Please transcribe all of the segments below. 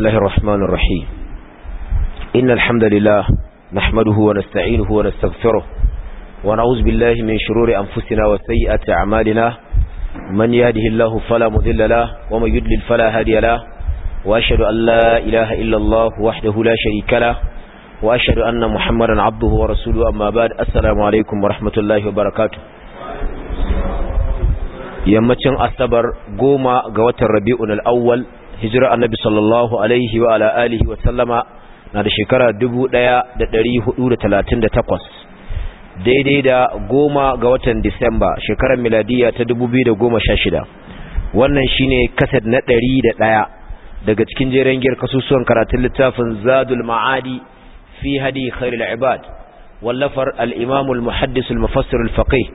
الله الرحمن الرحيم إن الحمد لله نحمده ونستعينه ونستغفره ونعوذ بالله من شرور أنفسنا وسيئة أعمالنا من يهده الله فلا مذل له ومن يدلل فلا هادي له وأشهد أن لا إله إلا الله وحده لا شريك له وأشهد أن محمدا عبده ورسوله أما بعد السلام عليكم ورحمة الله وبركاته yammacin asabar goma ga watan rabi'un al'awwal hijira annabi sallallahu alaihi wa ala alihi wa sallama na da shekara 1438 daidai da goma ga watan disamba shekarar miladiya ta 2016 wannan shine kased na 101 daga cikin jeren giyar kasusuwan karatun littafin zadul ma'adi fi hadi khairul ibad wallafar al-imam al-muhaddis al-mufassir al-faqih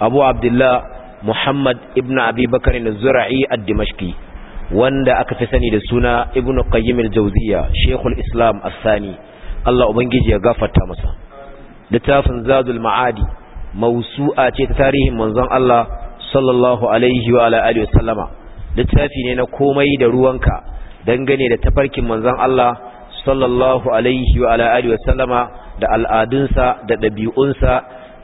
abu abdullah muhammad ibn abi bakr az-zura'i ad-dimashqi wanda aka fi sani da suna ibn qayyim al-jawziya shaykhul islam as-sani Allah ubangiji ya gafarta masa littafin zadul ma'adi mawsu'a ce ta tarihin manzon Allah sallallahu alaihi wa alihi wasallama littafi ne na komai da ruwanka dangane da tafarkin manzon Allah sallallahu alaihi wa alihi wasallama da al'adunsa da dabi'unsa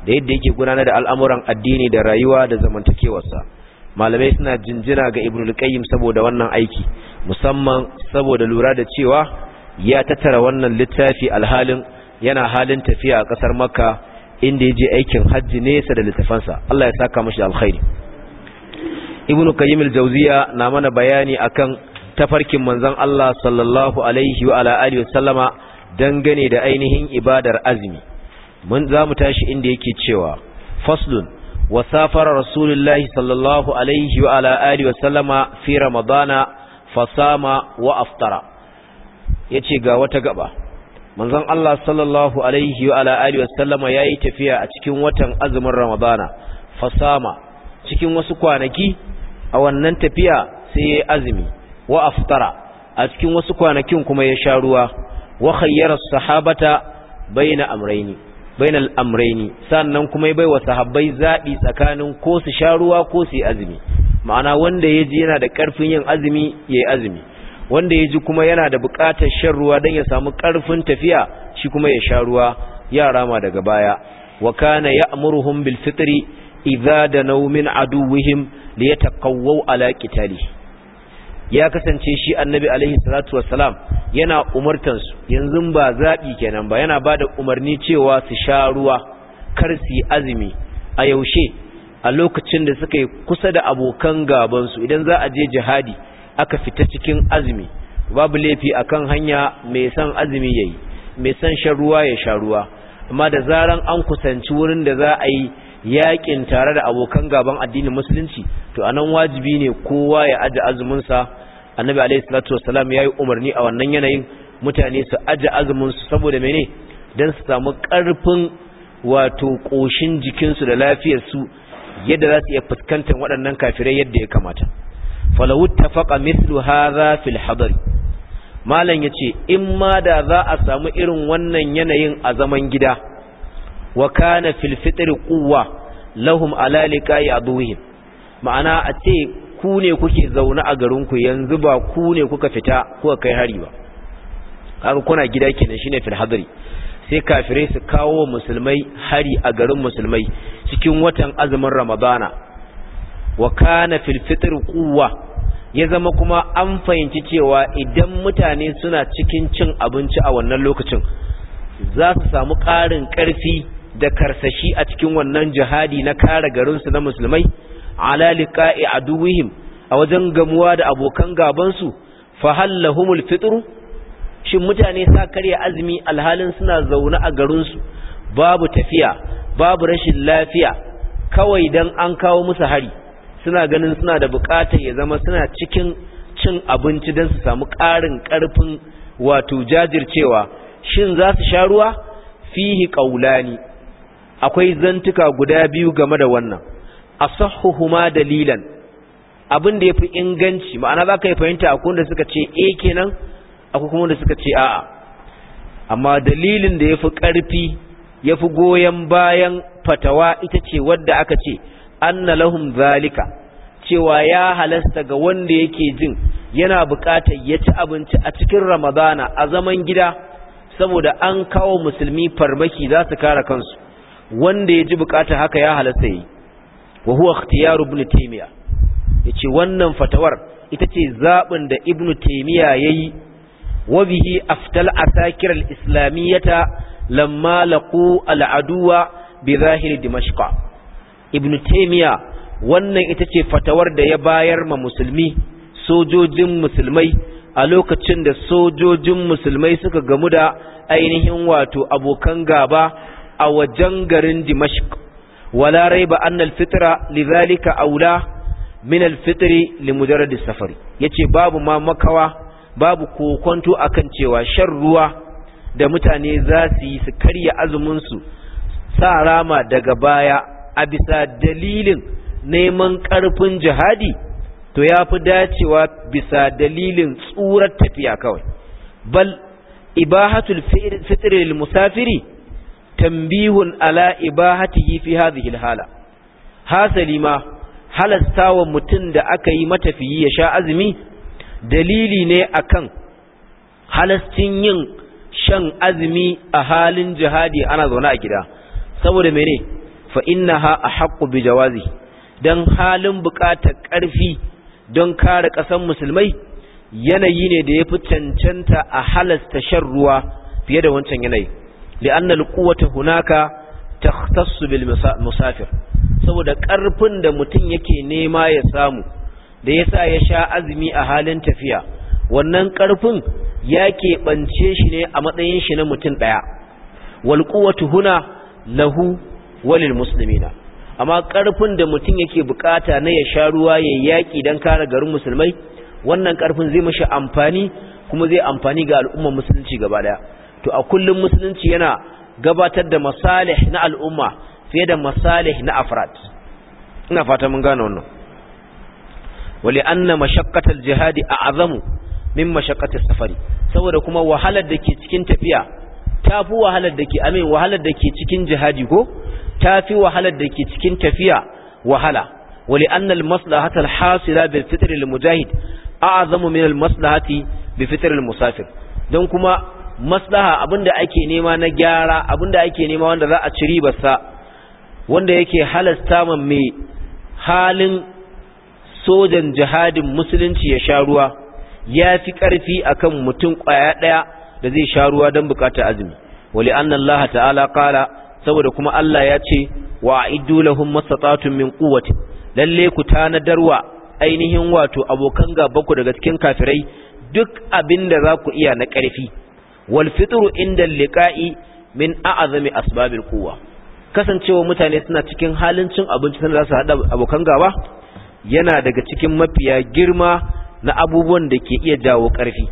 da yadda yake gudanar da al'amuran addini da rayuwa da zamantakewarsa malamai suna jinjina ga ibn al-qayyim saboda wannan aiki musamman saboda lura da cewa ya tattara wannan littafi alhalin yana halin tafiya a kasar makka inda ya je aikin hajji nesa da littafansa Allah ya saka mashi alkhairi ibn qayyim al-jawziya na mana bayani akan tafarkin manzon Allah sallallahu alaihi wa ala alihi wasallama dangane da ainihin ibadar azumi mun za mu tashi inda yake cewa faslun وسافر رسول الله صلى الله عليه وعلى آله وسلم في رمضان فصام وأفطر yace ga wata gaba manzon Allah sallallahu alaihi wa ala alihi wasallama yayi tafiya a cikin watan azumin Ramadana fasama cikin wasu kwanaki a wannan tafiya sai yayi azumi wa a cikin wasu kwanakin kuma ya sha ruwa wa sahabata baina amrayni bainal amraini sannan kuma ya bai wa sahabbai zaɓi tsakanin ko su sha ruwa ko su yi azumi ma'ana wanda ya ji yana da ƙarfin yin azumi ya yi azumi wanda ya ji kuma yana da buƙatar shan ruwa don ya samu ƙarfin tafiya shi kuma ya sha ruwa yara ma daga baya wa kana ya'muruhum bil fitri idza da naumin aduwwihim li yatakawwaw ala qitali ya kasance shi annabi alaihi salatu wassalam yana umartansu yanzu ba zaɓi kenan ba yana ba da umarni cewa su sha ruwa kar su yi azumi a yaushe a lokacin da suka yi kusa da abokan gabansu idan za a je jihadi aka fita cikin azumi babu laifi akan hanya mai son azumi yayi mai son shan ruwa ya sha ruwa amma da zaran an kusanci wurin da za a yi yaƙin tare da abokan gaban addinin musulunci to anan wajibi ne kowa ya aje azumin annabi alayhi salatu wassalam yayi umarni a wannan yanayin mutane su aje azumin saboda mene dan su samu karfin wato koshin jikinsu da lafiyar su yadda za su iya fuskantar waɗannan kafirai yadda ya kamata falawu tafaqa mithlu hadha fil hadar malam yace in ma da za a samu irin wannan yanayin a zaman gida wa kana fil fitr quwwa lahum alalika ya duhin ma'ana a ce ku ne kuke zaune a garinku yanzu ba ku ne kuka fita kuka kai hari ba kaga kuna gida kenan shine fil hadri sai kafirai su kawo musulmai hari a garin musulmai cikin watan azumin ramadana wa kana fil fitr quwwa ya zama kuma an fahimci cewa idan mutane suna cikin cin abinci a wannan lokacin za su samu ƙarin ƙarfi da karsashi a cikin wannan jihadi na kare garinsu na musulmai ala a aduwihim a wajen gamuwa da abokan gabansu fa hallahumul fitru shin mutane sa karya azumi alhalin suna zaune a garinsu babu tafiya babu rashin lafiya kawai dan an kawo musu hari suna ganin suna da bukatar ya zama suna cikin cin abinci don su samu ƙarin ƙarfin wato jajircewa shin za su sha ruwa fihi ƙaulani akwai zantuka guda biyu game da wannan asahhuhuma dalilan abin da yafi inganci ma'ana zaka yi fahimta akwai wanda suka ce eh kenan akwai kuma wanda suka ce a'a amma dalilin da yafi karfi yafi goyen bayan fatawa ita ce wadda aka ce anna lahum zalika cewa ya halasta ga wanda yake jin yana buƙatar ya ci abinci a cikin ramadana a zaman gida saboda an kawo musulmi farmaki za su kare kansu wanda ya ji buƙatar haka ya halasta yi wa huwa ikhtiyar ibn taymiya yace wannan fatawar ita ce zabin da ibn taymiya yayi wa bihi aftal asakir al-islamiyyata lamma laqu al-aduwa bi zahir dimashqa ibn taymiya wannan ita ce fatawar da ya bayar ma musulmi sojojin musulmai a lokacin da sojojin musulmai suka gamu da ainihin wato abokan gaba a wajen garin dimashq wala raiba annal fitra lidhalika aula min alfitri limujarrad as-safar yace babu ma makawa babu kokonto akan cewa shan ruwa da mutane za su yi su karya azumin su sa rama daga baya a bisa dalilin neman ƙarfin jihadi to ya fi dacewa bisa dalilin tsurar tafiya kawai bal ibahatul fitri lil musafiri tambihun ala ibahatihi fi hadhihi alhala hasali ma halastawa mutum da aka yi matafiyi ya sha azumi dalili ne akan halascin yin shan azumi a halin jihadi ana zaune a gida saboda mene fa innaha ahqqu bi jawazi don halin buƙatar ƙarfi don kare kasan musulmai yanayi ne da ya fi cancanta a halasta shan ruwa fiye da wancan yanayi li'anna al-quwwata hunaka takhtassu bil musafir saboda karfin da mutum yake nema ya samu da yasa ya sha azumi a halin tafiya wannan karfin ya keɓance shi ne a matsayin shi na mutum ɗaya wal quwwatu huna lahu walil muslimina amma karfin da mutum yake bukata na ya sha ruwa ya yaki dan kare garin musulmai wannan karfin zai mashi amfani kuma zai amfani ga al'ummar musulunci gaba daya to a kullum musulunci yana gabatar da masalih na al'umma fiye da masalih na afrad ina fata mun gane wannan wali anna mashaqqatal jihadi a'zamu min mashaqqatis safari saboda kuma wahalar da ke cikin tafiya tafi wahalar da ke amin wahalar da ke cikin jihadi ko tafi wahalar da ke cikin tafiya wahala wali anna al maslahata al hasila bil fitr al mujahid a'zamu min al maslahati bi fitr al musafir don kuma maslaha abinda ake nema na gyara abinda ake nema wanda za a ci ribarsa wanda yake halasta man mai halin sojan jihadin musulunci ya sha ruwa ya fi ƙarfi akan mutum ƙwaya ɗaya da zai sha ruwa don bukatar azumi wali Allah ta'ala ƙala saboda kuma Allah ya ce wa iddu lahum masatatun min quwwati lalle ku tanadarwa ainihin wato abokan gaba ku daga cikin kafirai duk abinda za ku iya na ƙarfi wal inda liqa'i min a'zami asbabil quwwa kasancewa mutane suna cikin halin cin abinci suna za su hada abokan gaba yana daga cikin mafiya girma na abubuwan da ke iya jawo ƙarfi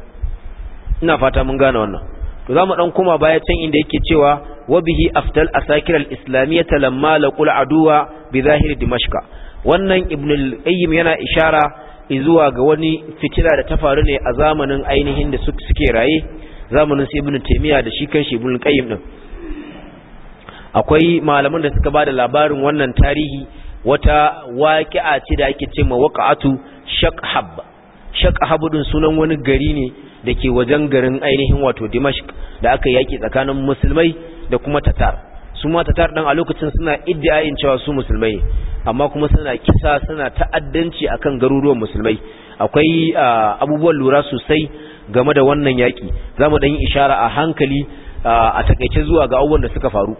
ina fata mun gane wannan to za mu dan kuma baya can inda yake cewa wabihi aftal asakir al-islamiyyah lamma laqul aduwa bi zahir dimashqa wannan ibn al-qayyim yana ishara zuwa ga wani fitila da ta faru ne a zamanin ainihin da suke raye zamanin su ibn taymiya da shi kanshi ibn qayyim din akwai malaman da suka bada labarin wannan tarihi wata waqi'a ce da ake cewa waqa'atu shaqhab shaqhab din sunan wani gari ne dake wajen garin ainihin wato dimashq da aka yaki tsakanin musulmai da kuma tatar su ma tatar dan a lokacin suna iddiayin cewa su musulmai amma kuma suna kisa suna ta'addanci akan garuruwan musulmai akwai ah, abubuwan lura sosai game da wannan yaki zamu dan yi ishara a hankali a takaice zuwa ga abubuwan da suka faru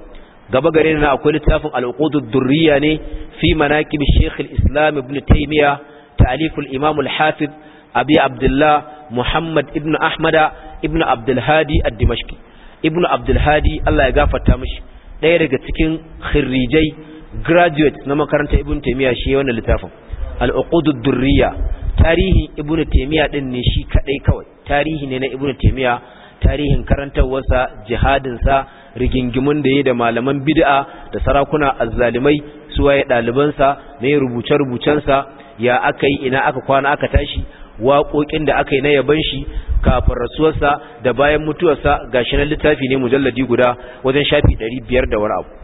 gaba gare na akwai littafin al-uqudud durriya ne fi manaqib Sheikh al-Islam Ibn Taymiyyah ta'alif al-Imam al-Hafiz Abi Abdullah Muhammad ibn Ahmada ibn Abdul Hadi ad-Dimashqi ibn Abdul Hadi Allah ya gafarta mishi ɗaya daga cikin khirrijai graduate na makarantar ibn Taymiyyah shi wannan littafin al-uqudud durriya tarihin ibn Taymiyyah din ne shi kadai kawai tarihi ne na Ibn taymiya tarihin karantarwarsa jihadinsa rigingimun da ya da malaman bid'a da sarakuna azzalimai suwaye ɗalibansa ne rubuce-rubucensa ya aka yi ina aka kwana aka tashi waƙoƙin da aka yi na yaban shi kafin rasuwarsa da bayan mutuwarsa ga shi na littafi ne mujalladi guda wajen shafi 500 da wani abu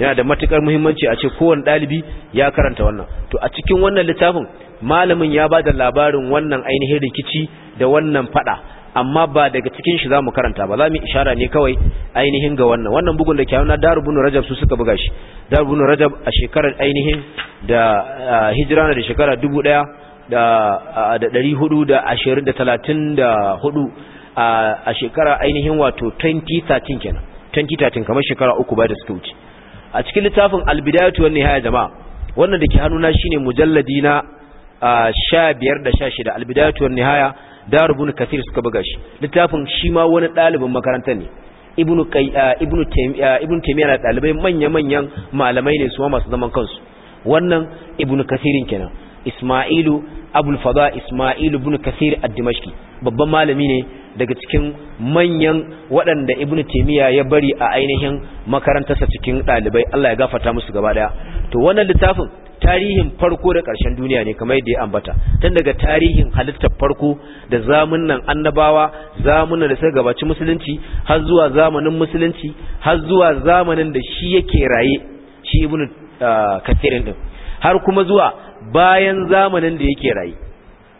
yana da matukar muhimmanci a ce kowane dalibi ya karanta wannan to a cikin wannan littafin malamin ya ba da labarin wannan ainihin rikici da wannan fada amma ba daga cikin shi za mu karanta ba za mu ishara ne kawai ainihin ga wannan wannan bugun da kyawuna darubun rajab su suka buga shi darubun rajab a shekarar ainihin da hijira da shekara dubu ɗaya da ɗari hudu da ashirin da talatin da hudu a shekara ainihin wato 2013 kenan 2013 kamar shekara uku ba da suka wuce a cikin littafin albidayatu wan nihaya jama'a wannan da dake hannuna shine mujalladi na 15 da 16 albidayatu wan nihaya darubun kathir suka buga shi littafin shi ma wani dalibin makarantar ne ibnu ibnu ibnu taymiya dalibai manya-manyan malamai ne su ma masu zaman kansu wannan ibnu kathirin kenan isma'ilu abul fada isma'ilu ibnu kathir ad-dimashqi babban malami ne daga cikin manyan waɗanda ibnu timiya ya bari a ainihin makarantarsa cikin ɗalibai Allah ya gafata musu gaba daya to wannan littafin tarihin farko da ƙarshen duniya ne kamar yadda ya ambata tun daga tarihin halittar farko da nan annabawa zamunan da suka gabaci musulunci har zuwa zamanin musulunci har zuwa zamanin da shi yake raye shi ibnu ah, kathirin din har kuma zuwa bayan zamanin da yake raye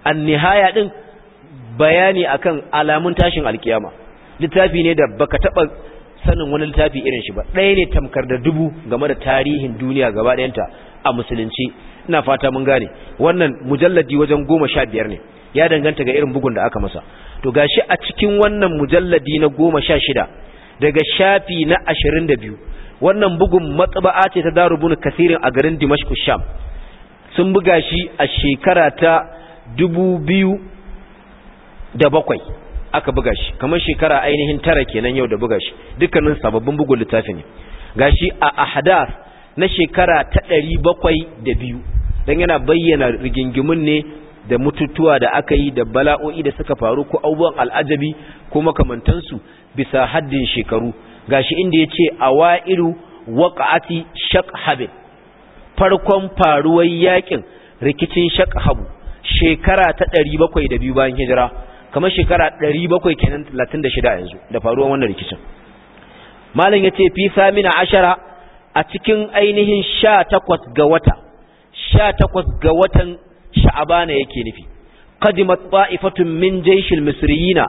annihaya nihaya din bayani akan alamun tashin alkiyama littafi ne da baka taba sanin wani littafi irin shi ba ɗaya ne tamkar da dubu game da tarihin duniya gaba ɗayanta a musulunci ina fata mun gane wannan mujalladi wajen goma sha biyar ne ya danganta ga irin bugun da aka masa to gashi a cikin wannan mujalladi na goma sha shida daga shafi na ashirin da biyu wannan bugun matsaba'a ce ta darubun kasirin a garin dimashku sham sun buga shi a shekara ta dubu biyu da bakwai aka buga shi kamar shekara ainihin tara kenan yau da buga shi dukkanin sababbin bugun littafi ne gashi a ahadath na shekara ta ɗari bakwai da biyu don yana bayyana rigingimun ne da mututuwa da aka yi da bala'o'i da suka faru ko abubuwan al'ajabi ko makamantansu bisa haddin shekaru gashi inda ya ce a wa'iru waƙa'ati shak-habin farkon faruwar yakin rikicin shak-habu shekara ta ɗari bakwai da biyu bayan hijira kamar shekara 700 kenan 36 yanzu da faruwar wannan rikicin malam yace fi samina ashara a cikin ainihin 18 ga wata 18 ga watan sha'abana yake nufi qadimat ta'ifatun min jayshil misriyina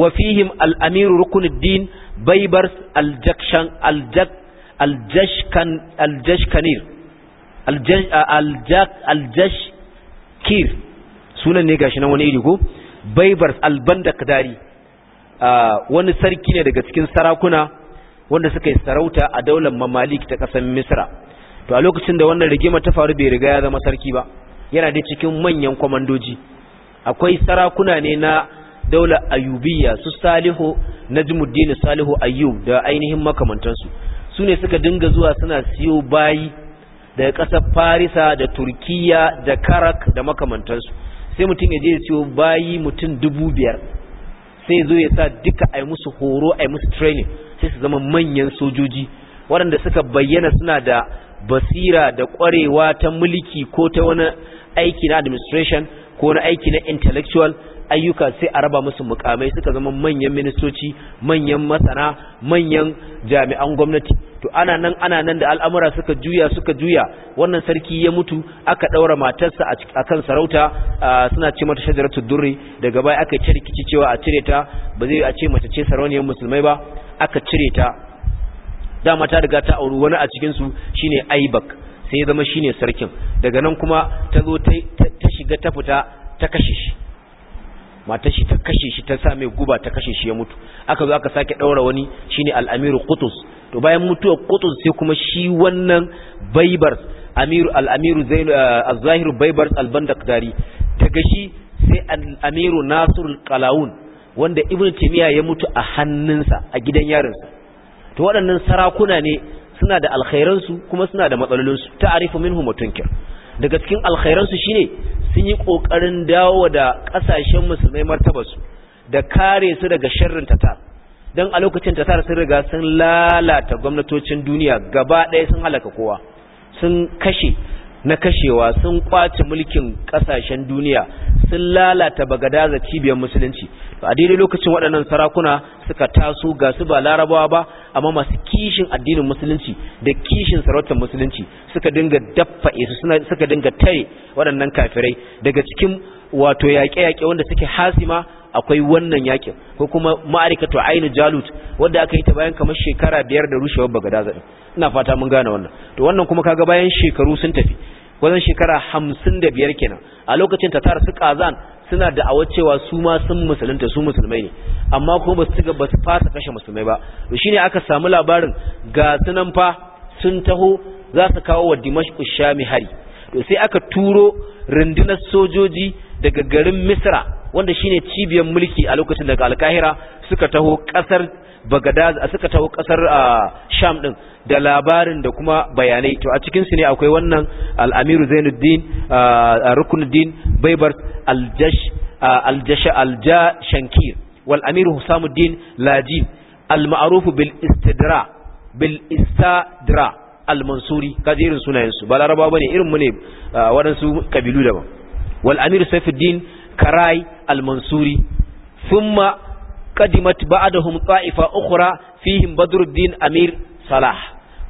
wa fihim al-amir rukunuddin baybars al-jakshan al-jak al-jashkan al-jashkanir al-jash al sunan ne gashi nan wani iri ko baibars alban da ah, wani sarki ne daga cikin sarakuna wanda suka yi sarauta a daular mamalik ta ƙasar misra to a lokacin da wannan rigima ta faru bai riga ya zama sarki ba yana da cikin manyan kwamandoji akwai sarakuna ne na daular ayubiya su salihu najmuddin salihu ayub da ainihin makamantansu su ne suka dinga zuwa suna siyo bayi daga ƙasar farisa da turkiya da karak da makamantansu sai mutum ya je ya ciwo bayi mutum dubu biyar sai zo ya sa duka a yi musu horo a yi musu training sai su zama manyan sojoji waɗanda suka bayyana suna da basira da ƙwarewa ta mulki ko ta wani aiki na administration ko wani aiki na intellectual ayyuka sai a raba musu mukamai suka zama manyan ministoci manyan masana manyan jami'an gwamnati to ana nan ana nan da al'amura suka juya suka juya wannan sarki ya mutu aka daura matarsa a kan sarauta suna ce mata shajaratul durri daga baya aka ce rikici cewa a cire ta ba zai a ce mace ce sarauniyar musulmai ba aka cire ta dama ta riga ta auri wani a cikin su shine aibak sai ya zama shine sarkin daga nan kuma ta zo ta shiga ta fita ta kashe shi matar shi ta kashe shi ta sa mai guba ta kashe shi ya mutu aka zo aka sake daura wani shine al amiru Qutus to bayan mutuwar kutsu sai kuma shi wannan baibar amiru al-amiru zainu eh, az-zahiru baibar al dari. daga shi sai al-amiru al-qalaun wanda ibnu timiya ya mutu a hannunsa a gidan yarinsa to waɗannan sarakuna ne suna da su kuma suna da matsalolinsu ta'arifu minhum mutunkir daga cikin su shine sun yi kokarin dawo da kasashen musulmai martabar su da kare su daga sharrin tatar don a lokacin tatar sun riga sun lalata gwamnatocin duniya gaba ɗaya sun halaka kowa sun kashe na kashewa sun kwace mulkin kasashen duniya sun lalata bagadaza cibiyar musulunci a daidai lokacin waɗannan sarakuna suka taso ga su ba larabawa ba amma masu kishin addinin musulunci da kishin sarautar musulunci suka dinga dafa isu suka dinga tare waɗannan kafirai daga cikin wato yaƙe-yaƙe wanda suke hasima akwai wannan yakin ko kuma ma'arikatu ainu jalut wanda aka yi ta bayan kamar shekara biyar da rushewar bagada din ina fata mun gane wannan to wannan kuma kaga bayan shekaru sun tafi wajen shekara hamsin da biyar kenan a lokacin ta tatar su kazan suna da'awar cewa su ma sun musulunta su musulmai ne amma kuma ba su ga ba su fasa kashe musulmai ba to shine aka samu labarin ga sunan fa sun taho za su kawo wa dimashq shami hari to sai aka turo rundunar sojoji daga garin misra wanda shine cibiyar mulki a lokacin daga alkahira suka taho kasar Bagada, suka taho kasar sham din da labarin da kuma bayanai to a cikin su ne akwai wannan al-amiru zainuddin rukunuddin Baybar al-jash al-jash al-jashankir wal Amir husamuddin Laji al-ma'ruf bil istidra bil istadra al-mansuri kaje irin sunayen su ba larabawa irin mu ne waɗansu kabilu daban wal amir saifuddin karai al-mansuri thumma qadimat ba'dahum ta'ifa ukhra fihim badruddin amir salah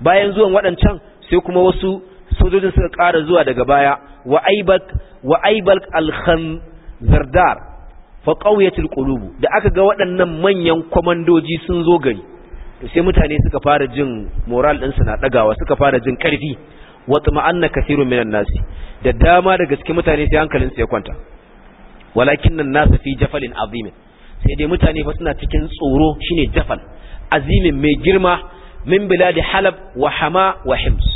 bayan zuwan waɗancan sai kuma wasu sojojin suka ƙara zuwa daga baya wa aibak wa aibal al fa qawiyatul qulub da aka ga waɗannan manyan komandoji sun zo gari sai mutane suka fara jin moral ɗinsu na ɗagawa suka fara jin ƙarfi watma'anna kathirun minan nasi da dama daga cikin mutane sai hankalin su ya kwanta nan nasu fi jafalin azim sai dai mutane fa suna cikin tsoro shine jafal azim mai girma min biladi halab wa hama wa hims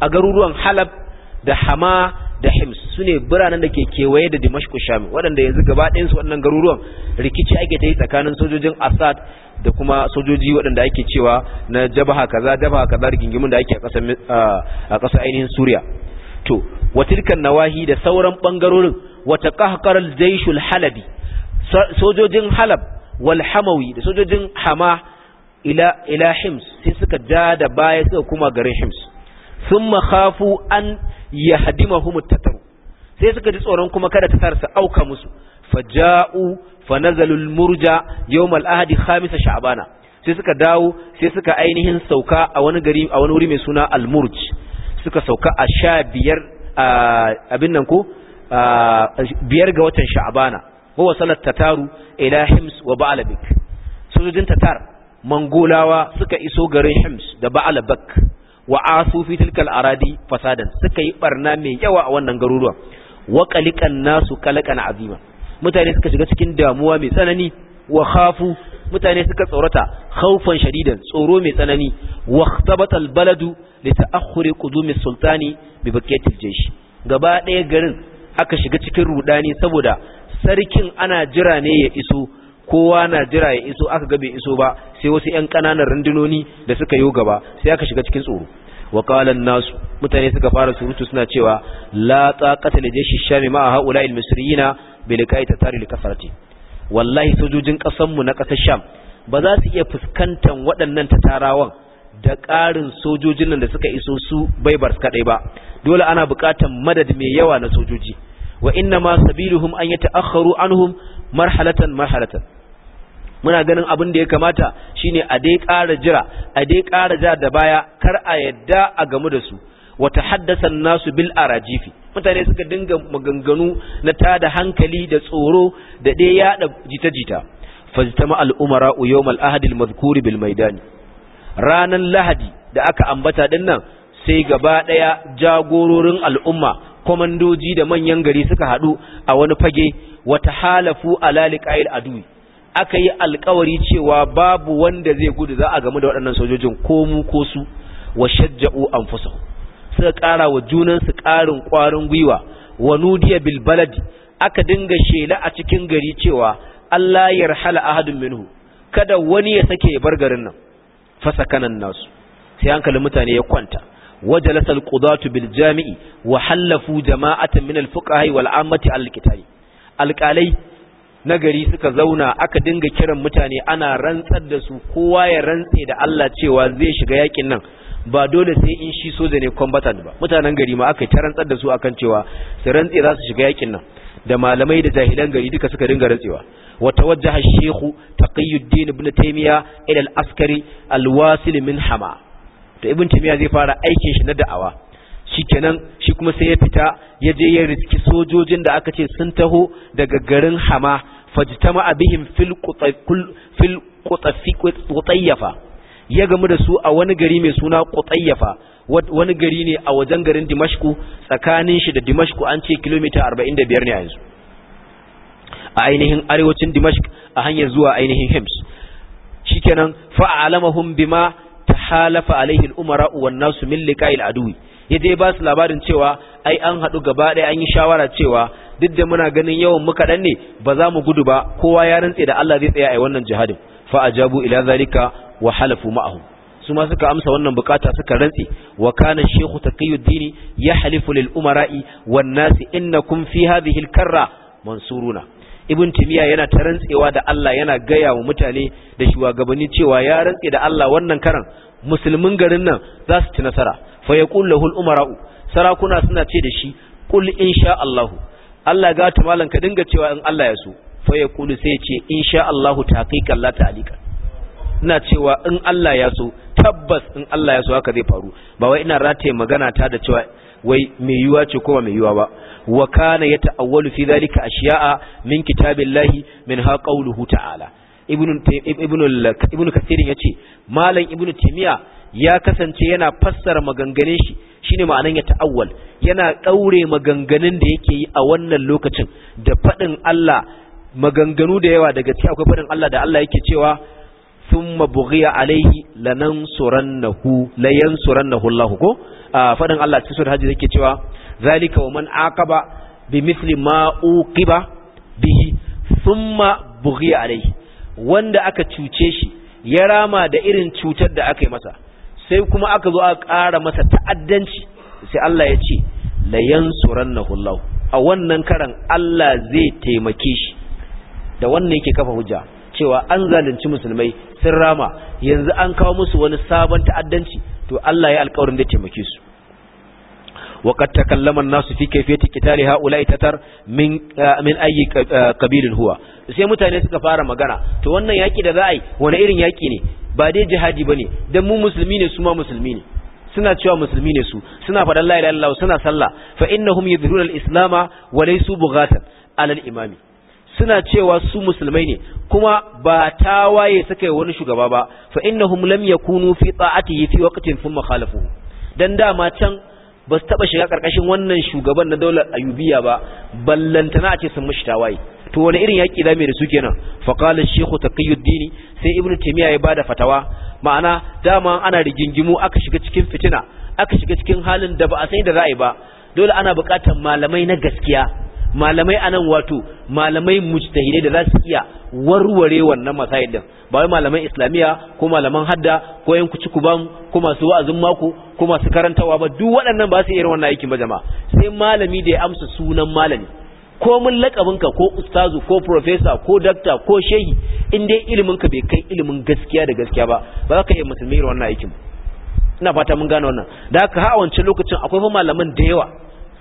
a garuruwan halab da hama da hims sune biranen da ke kewaye da dimashku shami waɗanda yanzu gaba ɗayan su wannan garuruwan rikici ake ta yi tsakanin sojojin assad da kuma sojoji waɗanda ake cewa na jabaha kaza jabaha kaza rigingimin da ake a ƙasar ainihin suriya to watilkan nawahi da sauran ɓangarorin wata ƙahƙarar jaishul halabi sojojin halab wal hamawi da sojojin hama ila, ila hims sai suka ja da baya suka kuma garin hims sun makhafu an ya humu tattaru sai suka ji tsoron kuma kada ta tarsa auka musu faja'u fanazalul murja yawmal ahadi khamisa sha'bana sai suka dawo sai suka ainihin sauka a wani gari a wani wuri mai suna al-murj suka sauka a sha biyar abin nan ko biyar ga watan sha'bana wa salat tataru ila hims wa ba'alabik sojojin tatar mangolawa suka iso garin hims da ba'alabak wa asu fi tilkal aradi fasadan suka yi barna mai yawa a wannan garuruwa wa qaliqan nasu qalqan azima mutane suka shiga cikin damuwa mai tsanani wa khafu mutane suka tsorata haufan shadidan tsoro mai tsanani wa khatabata albaladu li ta'akhuri qudumi sultani bi baqiyatil jaysh gaba daya garin aka shiga cikin rudani saboda sarkin ana jira ne ya iso kowa na jira ya iso aka ga bai iso ba sai wasu 'yan ƙananan rundunoni da suka yo gaba sai aka shiga cikin tsoro wa qala nasu mutane suka fara surutu suna cewa la taqata li jayshi shami ma ha'ula'il misriyina bilikai ta tari likafarati wallahi sojojin mu na ƙasar sham ba za su iya fuskantar waɗannan tatarawan da ƙarin sojojin nan da suka iso su baibar kaɗai ba dole ana buƙatar madad mai yawa na sojoji wa inna ma sabiluhum an yata'akhkharu anhum marhalatan marhalatan muna ganin abin da ya kamata shine a dai ƙara jira a dai ƙara jira da baya kar a yadda a gamu da su Wata haddasan nasu bil arajifi mutane suka dinga maganganu na tada hankali da tsoro da dai yada jita-jita fajtama al umara yawm al ahad al bil maidani ranan lahadi da aka ambata din nan sai gaba daya jagororin al'umma komandoji da manyan gari suka hadu a wani fage wata halafu ala liqa'il adui aka yi alkawari cewa babu wanda zai gudu za a gamu da waɗannan sojojin ko mu ko su wa shajja'u anfusahum suka ƙara wa junansu ƙarin kwarin gwiwa wa nudiya bil baladi aka dinga shela a cikin gari cewa Allah Ya rahala ahadun minhu kada wani ya sake ya bar garin nan sakanan nasu sai hankalin mutane ya kwanta wajalasa alqudatu bil jami'i wa halafu jama'atan min al fuqaha wal ammati al qitali alqalai na gari suka zauna aka dinga kiran mutane ana rantsar da su kowa ya rantse da Allah cewa zai shiga yakin nan ba dole sai in shi soja ne combatant ba mutanen gari ma aka tarantsar da su akan cewa su rantse za su shiga yakin nan da malamai da jahilan gari duka suka ringa rantsewa wa tawajjaha shaykhu taqiyuddin ibn taymiya ila al-askari al-wasil min hama to ibn taymiya zai fara aikin shi na da'awa kenan shi kuma sai ya fita ya je ya riski sojojin da aka ce sun taho daga garin hama fajtama abihim fil qutayfa ya gamu da su a wani gari mai suna Qutayyafa wani gari ne a wajen garin Dimashku tsakanin shi da Dimashku an ce kilomita 45 ne a yanzu a ainihin arewacin Dimashku a hanyar zuwa ainihin Hims shikenan fa'alamahum bima tahalafa alaihi al-umara wan nasu min liqa'il adui yaje ba su labarin cewa ai an haɗu gaba ɗaya an yi shawara cewa duk da muna ganin yawan mu kaɗan ne ba za mu gudu ba kowa ya rantse da Allah zai tsaya a wannan jihadin fa ajabu ila zalika wa halafu ma'ahu su ma suka amsa wannan bukata suka rantsi wa kana shaykhu taqiyuddin yahlifu lil umara'i wan nasi innakum fi hadhihi al karra mansuruna ibn timiya yana ta rantsewa da Allah yana gaya wa mutane da shugabanni cewa ya rantse da Allah wannan karan musulmin garin nan za su ci nasara fa yaqul lahu al umara'u sarakuna suna ce da shi qul insha Allah Allah ga ta malan ka dinga cewa in Allah ya so fa yaqulu sai ce insha Allah taqiqan la ina cewa in Allah ya so tabbas in Allah ya so haka zai faru ba wai ina rataye magana ta da cewa wai mai yiwa ce kuma mai yiwa ba wa kana ya ta'awwalu fi dhalika ashiya'a min kitabillahi min ha qawluhu ta'ala ibnu ibnu ibnu kathir yace malam ibnu timiya ya kasance yana fassara maganganun shi shine ma'anan ya ta'awwal yana daure maganganun da yake yi a wannan lokacin da fadin Allah maganganu da yawa daga cikin akwai fadin Allah da Allah yake cewa thumma bughiya alaihi lanansurannahu layansurannahu Allah ko fadin Allah cikin sura hajji yake cewa zalika wa man aqaba bimithli ma uqiba bihi thumma bughiya alaihi wanda aka cuce shi ya rama da irin cutar da aka yi masa sai kuma aka zo a ƙara masa ta'addanci sai Allah ya ce layansurannahu Allah a wannan karan Allah zai taimake shi da wannan yake kafa hujja cewa an zalunci musulmai sun rama yanzu an kawo musu wani sabon ta'addanci to Allah ya alƙawarin da taimake su وقد تكلم الناس في كيفية قتال هؤلاء تتر من min أي ah, قبيل ah, huwa sai mutane suka fara magana to wannan yaki da za a yi wani irin yaki ne ba dai jihadi ba ne mu musulmi ne su ma musulmi ne suna cewa musulmi ne su suna faɗan la ilaha illallah suna sallah fa innahum yadhuruna al-islama wa laysu bughatan alal imami suna cewa su musulmai ne kuma ba tawaye suka yi wani shugaba ba fa innahum lam yakunu fi ta'atihi fi waqtin thumma khalafu dan dama can ba su taba shiga karkashin wannan shugaban na daular ayubiya ba ballantana a ce sun mishi tawaye to wani irin yaki da mai da su kenan fa qala shaykhu taqiyuddin sai ibnu taymiya ya bada fatawa ma'ana dama ana rigingimu aka shiga cikin fitina aka shiga cikin halin da ba a san da ra'ayi ba dole ana buƙatar malamai na gaskiya malamai anan wato malamai mujtahidai da za su iya warware wannan masail din ba wai malaman islamiya ko malaman hadda ko yan kuci kuban ko masu wa'azin mako ko masu karantawa ba duk waɗannan ba su iya wannan aikin ba jama'a sai malami da ya amsa sunan malami ko mun lakabin ka ko ustazu ko professor ko doctor ko shehi in dai ilimin ka bai kai ilimin gaskiya da gaskiya ba ba za ka iya musulmi wannan aikin ina fata mun gane wannan da haka a wancan lokacin akwai fa malaman da yawa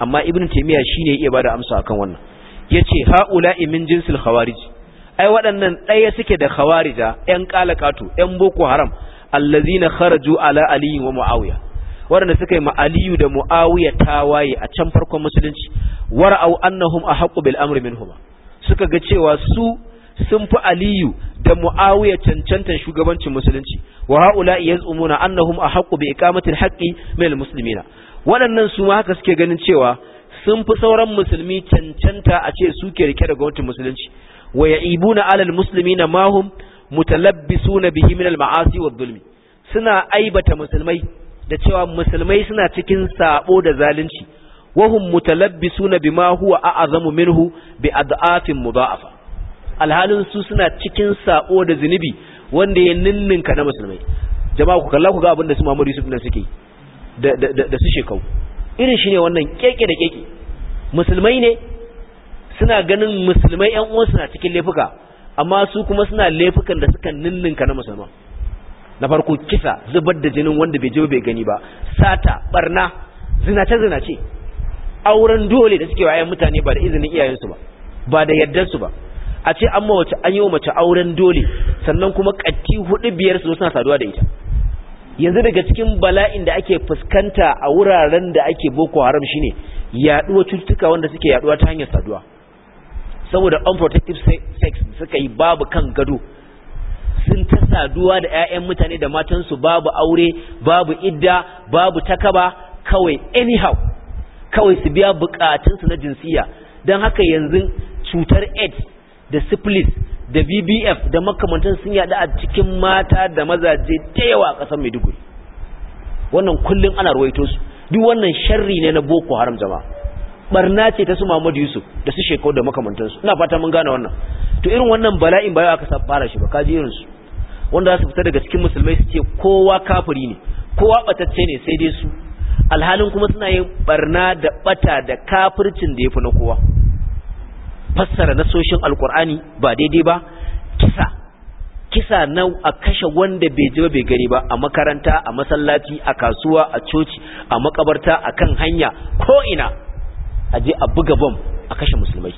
amma ibnu taymiya shine ya bada amsa akan wannan yace haula'i min jinsil khawarij ai waɗannan ɗaya suke da khawarija ƴan kalakatu ƴan boko haram allazina kharaju ala ali wa muawiya waɗanda suka yi ma aliyu da muawiya tawaye a can farkon musulunci wara'au annahum ahqqu bil amri minhum suka ga cewa su sun fi aliyu da muawiya cancantan shugabancin musulunci wa haula yaz'umuna annahum ahqqu bi iqamati al-haqqi min al-muslimina waɗannan su ma haka suke ganin cewa sun fi sauran musulmi cancanta a ce suke rike da gwamnatin musulunci wa na alal musulmi na mahum mutalabbisuna bihi min al ma'asi wa dhulmi suna aibata musulmai da cewa musulmai suna cikin sabo da zalunci wa hum bi bima huwa a'zamu minhu bi ad'afin mudha'afa alhalin su suna cikin sabo da zunubi wanda ya ninninka na musulmai jama'a ku kalla ku ga abin da su Muhammad Yusuf nan suke da su shekau irin shi ne wannan keke da keke musulmai ne suna ganin musulmai yan uwan suna cikin laifuka amma su kuma suna laifukan da suka ninninka na musulman na farko kisa zubar da jinin wanda bai je bai gani ba sata barna zinace zinace auren dole da suke wayan mutane ba da izinin iyayensu ba ba da yardarsu ba a ce an an yi wa mace auren dole sannan kuma katti hudu biyar su suna saduwa da ita yanzu daga cikin bala'in da ake fuskanta a wuraren da ake boko haram shine yaduwa cututtuka wanda suke yaduwa ta hanyar saduwa saboda unprotective sex suka yi babu kan gado sun ta saduwa da 'ya'yan mutane da matansu babu aure babu idda babu takaba kawai anyhow kawai su biya bukatunsu na jinsiya don haka yanzu cutar aids da syphilis da bbf da makamantan sun yada a cikin mata da mazaje ta yawa a ƙasar maiduguri wannan kullum ana ruwaito su duk wannan sharri ne na boko haram jama'a barna ce ta su Muhammadu Yusuf da su shekau da makamantansu ina fata mun gane wannan to irin wannan bala'in bayan aka fara shi ba ka ji su. wanda za su fita daga cikin musulmai su ce kowa kafiri ne kowa batacce ne sai dai su alhalin kuma suna yin barna da ɓata da kafircin da ya fi na kowa fassara nasoshin alkur'ani ba daidai ba kisa kisa na a kashe wanda bai ji bai gari ba a makaranta a masallaci a kasuwa a coci a makabarta a kan hanya ko ina a je a buga bom a kashe musulmai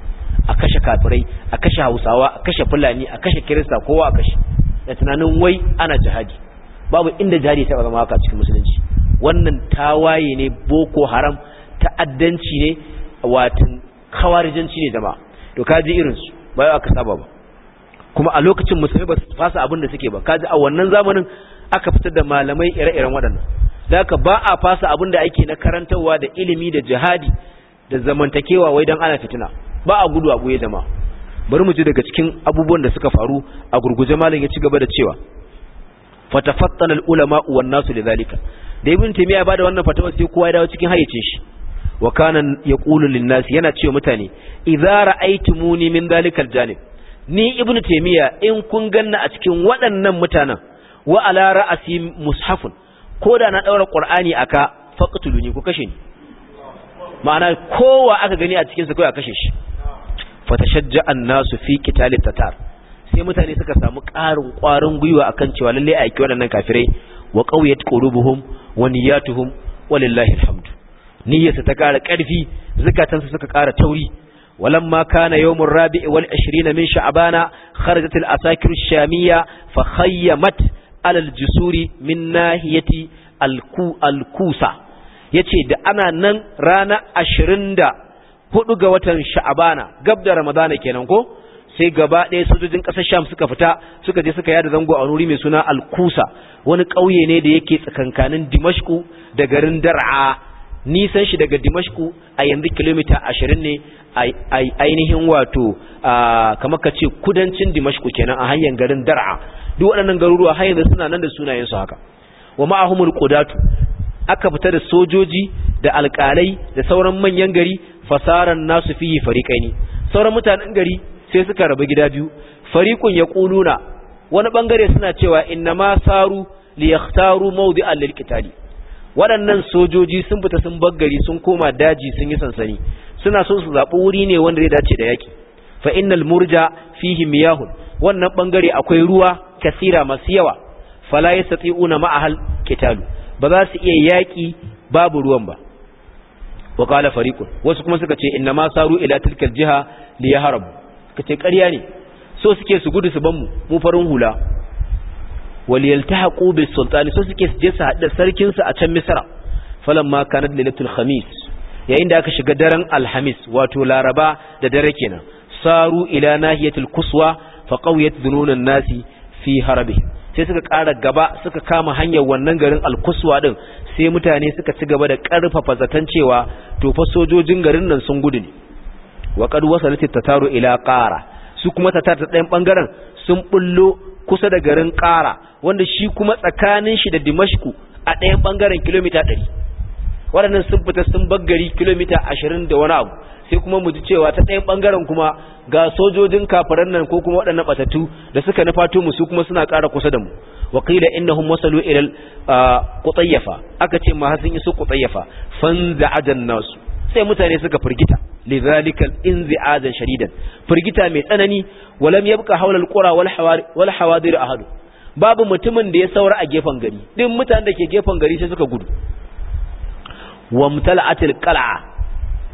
a kashe kafirai a kashe hausawa a kashe fulani a kashe kirista kowa a kashe da tunanin wai ana jihadi babu inda jihadi ya taɓa zama haka cikin musulunci wannan tawaye ne boko haram ta'addanci ne watan kawarijanci ne jama'a to kaji irin su ba aka saba ba kuma a lokacin musulmi ba su fasa abin da suke ba kaji a wannan zamanin aka fitar da malamai ire-iren waɗannan da ka ba a fasa abin da ake na karantarwa da ilimi da jihadi da zamantakewa wai don ana fitina ba a gudu a goye jama. bari mu ji daga cikin abubuwan da suka faru a gurguje malam ya ci gaba da cewa fatafattanal ulama wan nasu lidhalika da ibn timiya ba da wannan fatawa sai kowa ya dawo cikin hayyacin shi wa kana yaqulu lin yana cewa mutane idza ra'aytumuni min zalikal janib ni ibnu taymiya in kun ganna a cikin waɗannan mutanen wa ala ra'asi mushafun ko da na daura qur'ani aka faqtuluni ku kashe ni ma'ana kowa aka gani a cikin su kai a kashe shi fatashajja an-nasu fi qitali tatar sai mutane suka samu ƙarin ƙwarin gwiwa akan cewa lallai a wadannan waɗannan kafirai wa qawiyat qulubuhum wa niyyatuhum walillahi alhamdu niyyarsa ta ƙara ƙarfi zukatansa suka ƙara tauri ولما كان يوم الرابع والعشرين من شعبان خرجت الأساكر الشامية فخيمت على الجسور من ناهية الكو الكوسة يتي دا أنا نن رانا أشرين دا hudu ga watan sha'abana gab da ramadana kenan ko sai gaba ɗaya sojojin ƙasar sham suka fita suka je suka yada zango a wuri mai suna alkusa wani ƙauye ne da yake tsakankanin dimashku da garin dar'a nisan shi daga dimashku a yanzu kilomita ashirin ne a ainihin wato kamar ka ce kudancin dimashku kenan a hanyar garin dar'a duk waɗannan garuruwa har yanzu suna nan da sunayensu haka wa ma'ahumul Kudatu aka fita da sojoji da alƙalai da sauran manyan gari fasaran nasu fihi fariqaini sauran mutanen gari sai suka rabu gida biyu fariqun yaquluna wani ɓangare suna cewa innama saru liyaktaru mawdi'an lilqitali waɗannan sojoji sun fita sun baggari sun koma daji sun yi sansani suna so su zaɓi wuri ne wanda zai dace da yaƙi fa innal murja fihi miyahun wannan bangare akwai ruwa kasira masu yawa fala yastati'una ma'ahal kitalu ba za su iya yaƙi babu ruwan ba wa qala fariqun wasu kuma suka ce inna ma saru ila tilkal jiha li kace ƙarya ne so suke su gudu su ban mu mu farin hula waliyaltahaqu bis sultani so suke je su hada sarkin su a can misra falamma kanat lailatul khamis yayin da aka shiga daren alhamis wato laraba da dare kenan saru ila nahiyatul kuswa fa qawiyat dhununun nasi fi harbi sai suka ƙara gaba suka kama hanyar wannan garin alkuswa din sai mutane suka ci gaba da ƙarfafa zaton cewa to fa sojojin garin nan sun gudu ne wa qad wasalat tataru ila qara su kuma tatar ta ɗayan bangaren sun bullo kusa da garin ƙara wanda shi kuma tsakanin shi da dimashku a ɗayan ɓangaren kilomita ɗari waɗannan sun fita sun baggari kilomita ashirin da wani abu sai kuma mu ji cewa ta ɗayan ɓangaren kuma ga sojojin kafaran nan ko kuma waɗannan ɓatattu da suka nufa mu su kuma suna ƙara kusa da mu wakila innahum wasalu ilal qutayyafa aka ce ma har sun iso qutayyafa fanza'ajan nasu sai mutane suka firgita in zai inzi'azan shadidan firgita mai tsanani walam yabqa hawla alqura wal hawadir ahad babu mutumin da ya saura a gefen gari ɗin mutanen da ke gefen gari sai suka gudu wamtala'atil kal'a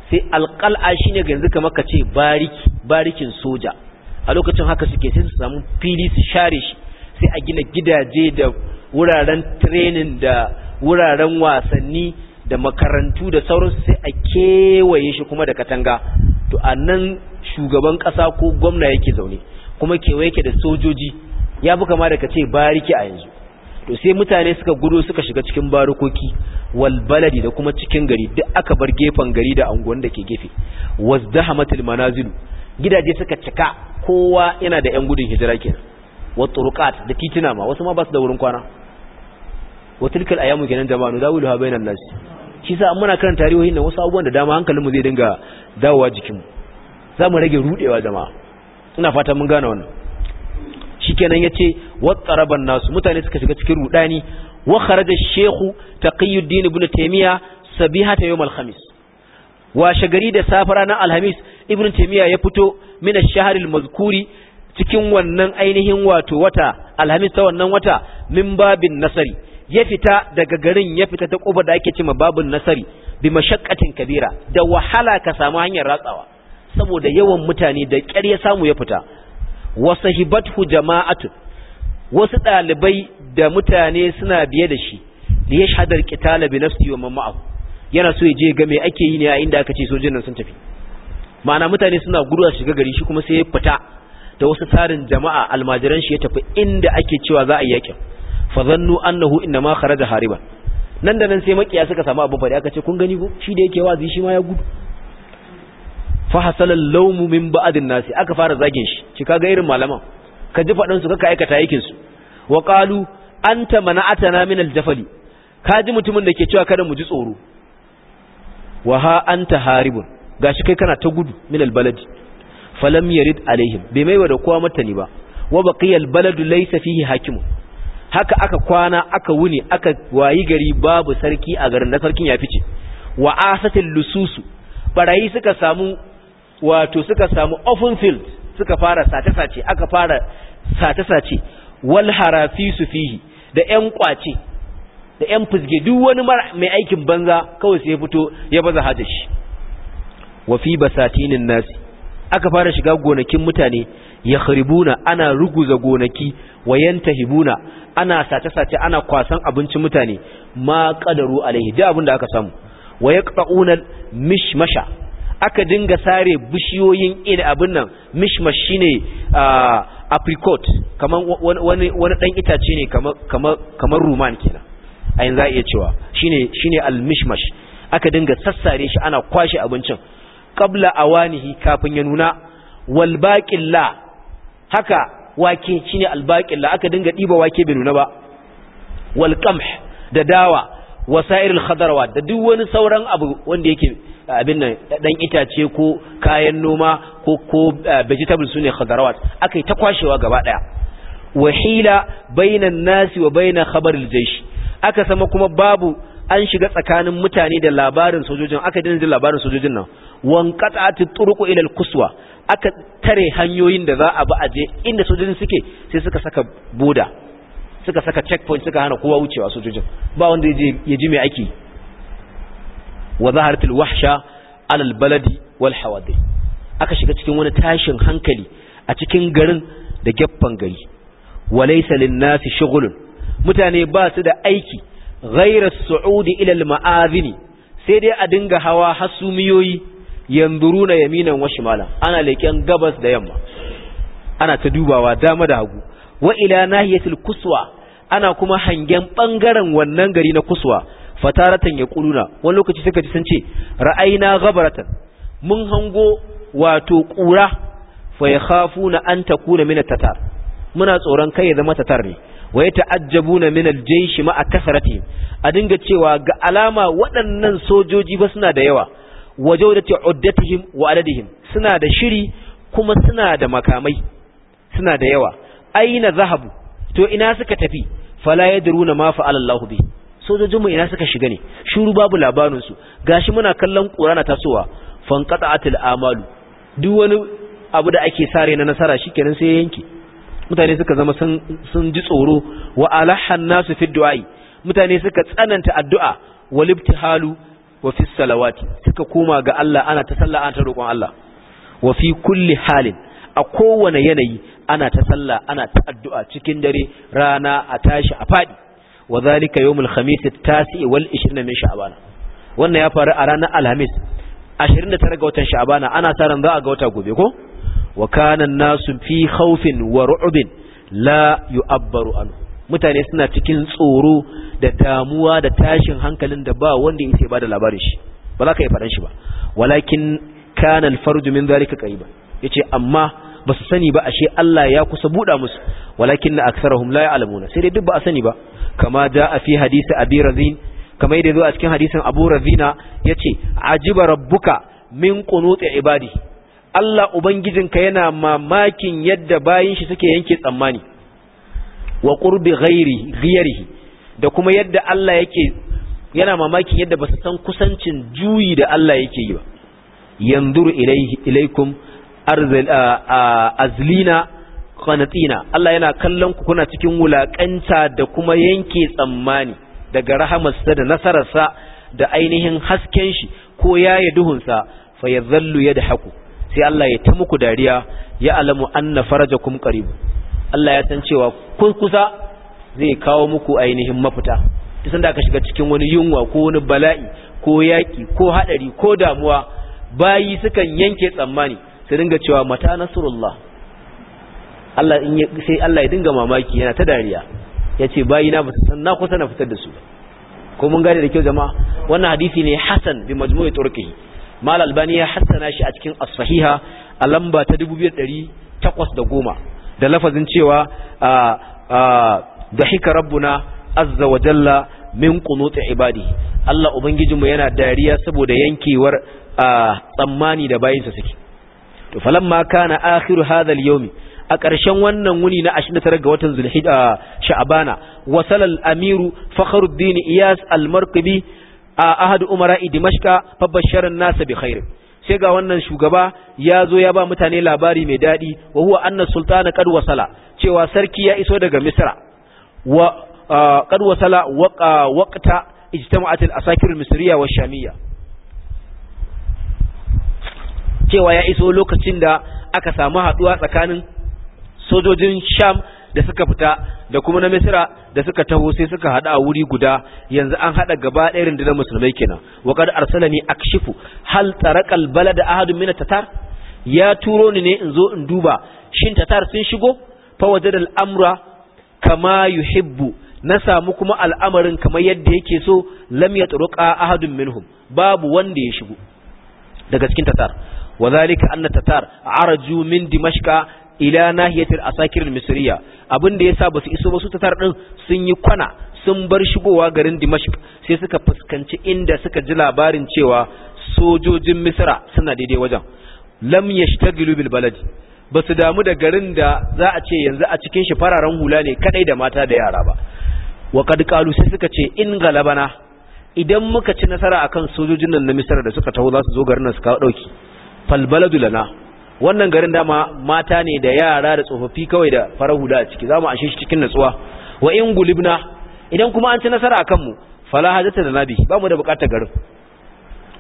sai alqal'a shine yanzu kamar ka ce bariki barikin soja a lokacin haka suke sai su fili su share shi sai a gina gidaje da wuraren tirenin da wuraren wasanni da makarantu da sauransu sai a kewaye shi kuma da katanga to a nan shugaban kasa ko gwamna yake zaune kuma kewaye yake da sojoji ya fi kama da ka ce bariki a yanzu to sai mutane suka gudu suka shiga cikin barukoki wal baladi da kuma cikin gari duk aka bar gefen gari da anguwan da ke gefe wazdahamatul manazil gidaje suka cika kowa yana da yan gudun hijira kenan wa turqat da titina ma wasu ma ba su da wurin kwana wa tilkal ayamu kenan nu dawilu ha bainan nas shi sa muna kan tarihohin da wasu abubuwan da dama hankalinmu zai dinga dawowa jikinmu za mu rage rudewa jama'a ina fata mun gane wannan shikenan yace wattaraban nasu mutane suka shiga cikin rudani wa kharaja shehu taqiyuddin ibn taimiya sabihata ta al-khamis wa shagari da safara na alhamis ibn taimiya ya fito min shaharil shahr al-mazkuri cikin wannan ainihin wato wata alhamis ta wannan wata min babin nasari ya fita daga garin ya fita ta kofar da ake cima babun nasari bi mashakkatin kabira da wahala ka samu hanyar ratsawa saboda yawan mutane da ƙyar ya samu ya fita wa sahibathu jama'atu wasu dalibai da mutane suna biye da shi li yashhadar qitala bi nafsi wa man yana so ya je ga me ake yi ne a inda aka ce sojin nan sun tafi ma'ana mutane suna gudu a shiga gari shi kuma sai ya fita da wasu tsarin jama'a almajiran shi ya tafi inda ake cewa za a yi yakin fa zannu annahu innama kharaja hariban nan da nan sai makiya suka samu abin fadi aka ce kun gani ko shi da yake wazi shi ma ya gudu fa hasala lawmu min ba'din nasi aka fara zagin shi ki kaga irin malaman ka ji fadan su ka aikata yakin su wa qalu anta mana'atana min aljafali ka ji mutumin da ke cewa kada mu ji tsoro wa ha anta haribun gashi kai kana ta gudu min albaladi falam yarid alaihim bai maiwa da kowa mata ni ba wa baqiya albaladu laysa fihi hakimun haka aka kwana aka wuni aka wayi gari babu sarki a garin da sarkin ya fice wa asatil lususu barayi suka samu wato suka samu open field suka fara sace-sace aka fara sace-sace wal harafisu fihi da ƴan kwace da ƴan fusge duk wani mai aikin banza kawai sai ya fito ya baza hajji shi wa fi basatinin nasi aka fara shiga gonakin mutane ya haribuna ana ruguza gonaki wayanta hibuna ana sace-sace ana kwasan abincin mutane ma kadaru alaihi da abin da aka samu wa ƙa'unar mishmasha aka dinga sare bishiyoyin ina abin nan mishmash shine apricot kaman wani ɗan itace ne kamar ruman kenan a yanzu za iya cewa shine shine almishmash aka dinga sassare shi ana kwashe abincin qabla awanihi kafin ya nuna wal baqilla haka wake shine al baqilla aka dinga diba wake bai nuna ba wal qamh da dawa wasairul khadarwa da duk wani sauran abu wanda yake abin nan dan itace ko kayan noma ko ko eh, vegetable sune khadarawat akai ta kwashewa gaba daya wahila bainan nasi wa bainan khabaril jaysh aka sama kuma babu an shiga tsakanin mutane da labarin sojojin aka yi da labarin sojojin nan qata'atu turuqu ila al-quswa aka tare hanyoyin da za a bi aje inda sojojin suke sai suka saka boda suka saka checkpoint suka hana kowa wucewa sojojin ba wanda yaje ya ji me aiki. wa zaharat al-wahsha ala al-baladi wal hawadi aka shiga cikin wani tashin hankali a cikin garin da gaffan gari walaysa lin-nasi shughulun mutane ba su da aiki ghairar su'udi ilal ma'azini sai dai a dinga hawa hasumiyoyi yanzuru na yaminan wa shimala ana leken gabas da yamma ana ta dubawa dama da hagu wa ila nahiyatil kuswa ana kuma hangen ɓangaren wannan gari na kuswa fataratan ya kuluna wani lokaci suka ji sun ce ra'ayina gabaratan mun hango wato ƙura fa na an takuna min tatar muna tsoron kai ya zama tatar ne wa ya min al-jaysh ma'a kasratihim a dinga cewa ga alama waɗannan sojoji ba suna da yawa waje da ta'uddatihim wa adadihim suna da shiri kuma suna da makamai suna da yawa aina zahabu to ina suka tafi fala yadruna ma fa'ala Allahu bi sojojinmu ina suka shiga ne shuru babu labarin su gashi muna kallon qur'ana tasowa fanqata'atil amalu duk wani abu da ake sare na nasara shikenan sai yanke mutane suka zama sun ji tsoro wa alahan nasu fi du'ai mutane suka tsananta addu'a wal ibtihalu wa fi salawati suka koma ga Allah ana ta sallah ana ta roƙon Allah wa fi kulli halin a kowane yanayi ana ta sallah ana ta addu'a cikin dare rana a tashi a fadi wa zalika yawmul khamis at-tasi wal 20 min sha'ban wannan ya faru a ranar alhamis 29 ga watan sha'bana ana sa ran za a ga wata gobe ko wa kanan nasu fi haufin wa ru'bin la yu'abbaru anhu mutane suna cikin tsoro da damuwa da tashin hankalin da ba wanda yake ba da labarin shi ba za ka yi faɗan shi ba walakin kana alfarju min zalika qariba yace amma ba su sani ba ashe Allah ya kusa buɗa musu walakin na aksarahum la ya'lamuna sai dai duk ba a sani ba kama a fi hadisi abi razin kama yadda zo a cikin hadisin abu razina yace ajiba rabbuka min qunuti ibadi Allah Ubangijinka yana mamakin yadda bayin shi suke yanke tsammani wa qurbi ghairi ghayrihi da kuma yadda Allah yake yana mamakin yadda ba su san kusancin juyi da Allah yake yi ba yanzuru ilaikum azlina qanatina Allah yana kallon ku kuna cikin wulakanta da kuma yanke tsammani daga rahamarsa da nasararsa da ainihin hasken shi ko yi duhunsa fa da haku. sai Allah ya ta muku dariya ya alamu anna farajakum qarib Allah ya san cewa kun kusa zai kawo muku ainihin mafita tunda ka shiga cikin wani yunwa ko wani bala'i ko yaki ko hadari ko damuwa bayi sukan yanke tsammani su dinga cewa mata nasrullah Allah in sai Allah ya dinga mamaki yana ta dariya yace bayi na ba san na kusa na fitar da su ko mun gane da kyau jama'a wannan hadisi ne hasan bi majmu'i turqihi mal albani ya hassana shi a cikin as-sahiha a lamba ta 2810 da lafazin cewa dahika rabbuna azza wa jalla min qunuti ibadi Allah ubangijinmu yana dariya saboda yankewar tsammani da bayinsa suke to falamma kana akhiru hadha al-yawmi a ƙarshen wannan wuni na 29 ga watan Zulhijja sha'abana wasala al-amiru Fakhruddin Iyas al-Marqibi a ahadu umara'i dimashka fabasharan nasa bi khair sai ga wannan shugaba ya zo ya ba mutane labari mai daɗi, wa huwa anna sultana kad wasala cewa sarki ya iso daga misra wa kad wasala waqta ijtama'at al-asakir al-misriya wa shamiyya cewa ya iso lokacin da aka samu haduwa tsakanin sojojin sham da suka fita da kuma na misira da suka taho sai suka hada a wuri guda yanzu an hada gaba ɗaya rundunar musulmai kenan wa kad arsalani akshifu hal tarakal balad ahadun min tatar ya turo ni ne in zo in duba shin tatar sun shigo fa wajad al amra kama yuhibbu na samu kuma al'amarin kamar yadda yake so lam yatruqa ahadun minhum babu wanda ya shigo daga cikin tatar zalika anna tatar araju min دمشق ila nahiyatil asakir misriya abin da yasa basu iso ba su tatar din sun yi kwana sun bar shigowa garin dimashq sai suka fuskanci inda suka ji labarin cewa sojojin misra suna daidai wajen lam yashtaghilu bil balad basu damu da garin da za a ce yanzu a cikin shi fararen hula ne kadai da mata da yara ba wa kad qalu sai suka ce in galabana idan muka ci nasara akan sojojin nan na misra da suka taho za su zo garin nan su kawo dauki fal baladu lana wannan garin dama mata ne da yara da tsofaffi kawai da farar hula a ciki zamu ashe shi cikin natsuwa wa in gulibna idan kuma an ci nasara akan mu fala hajata da nabi bamu da bukatar garin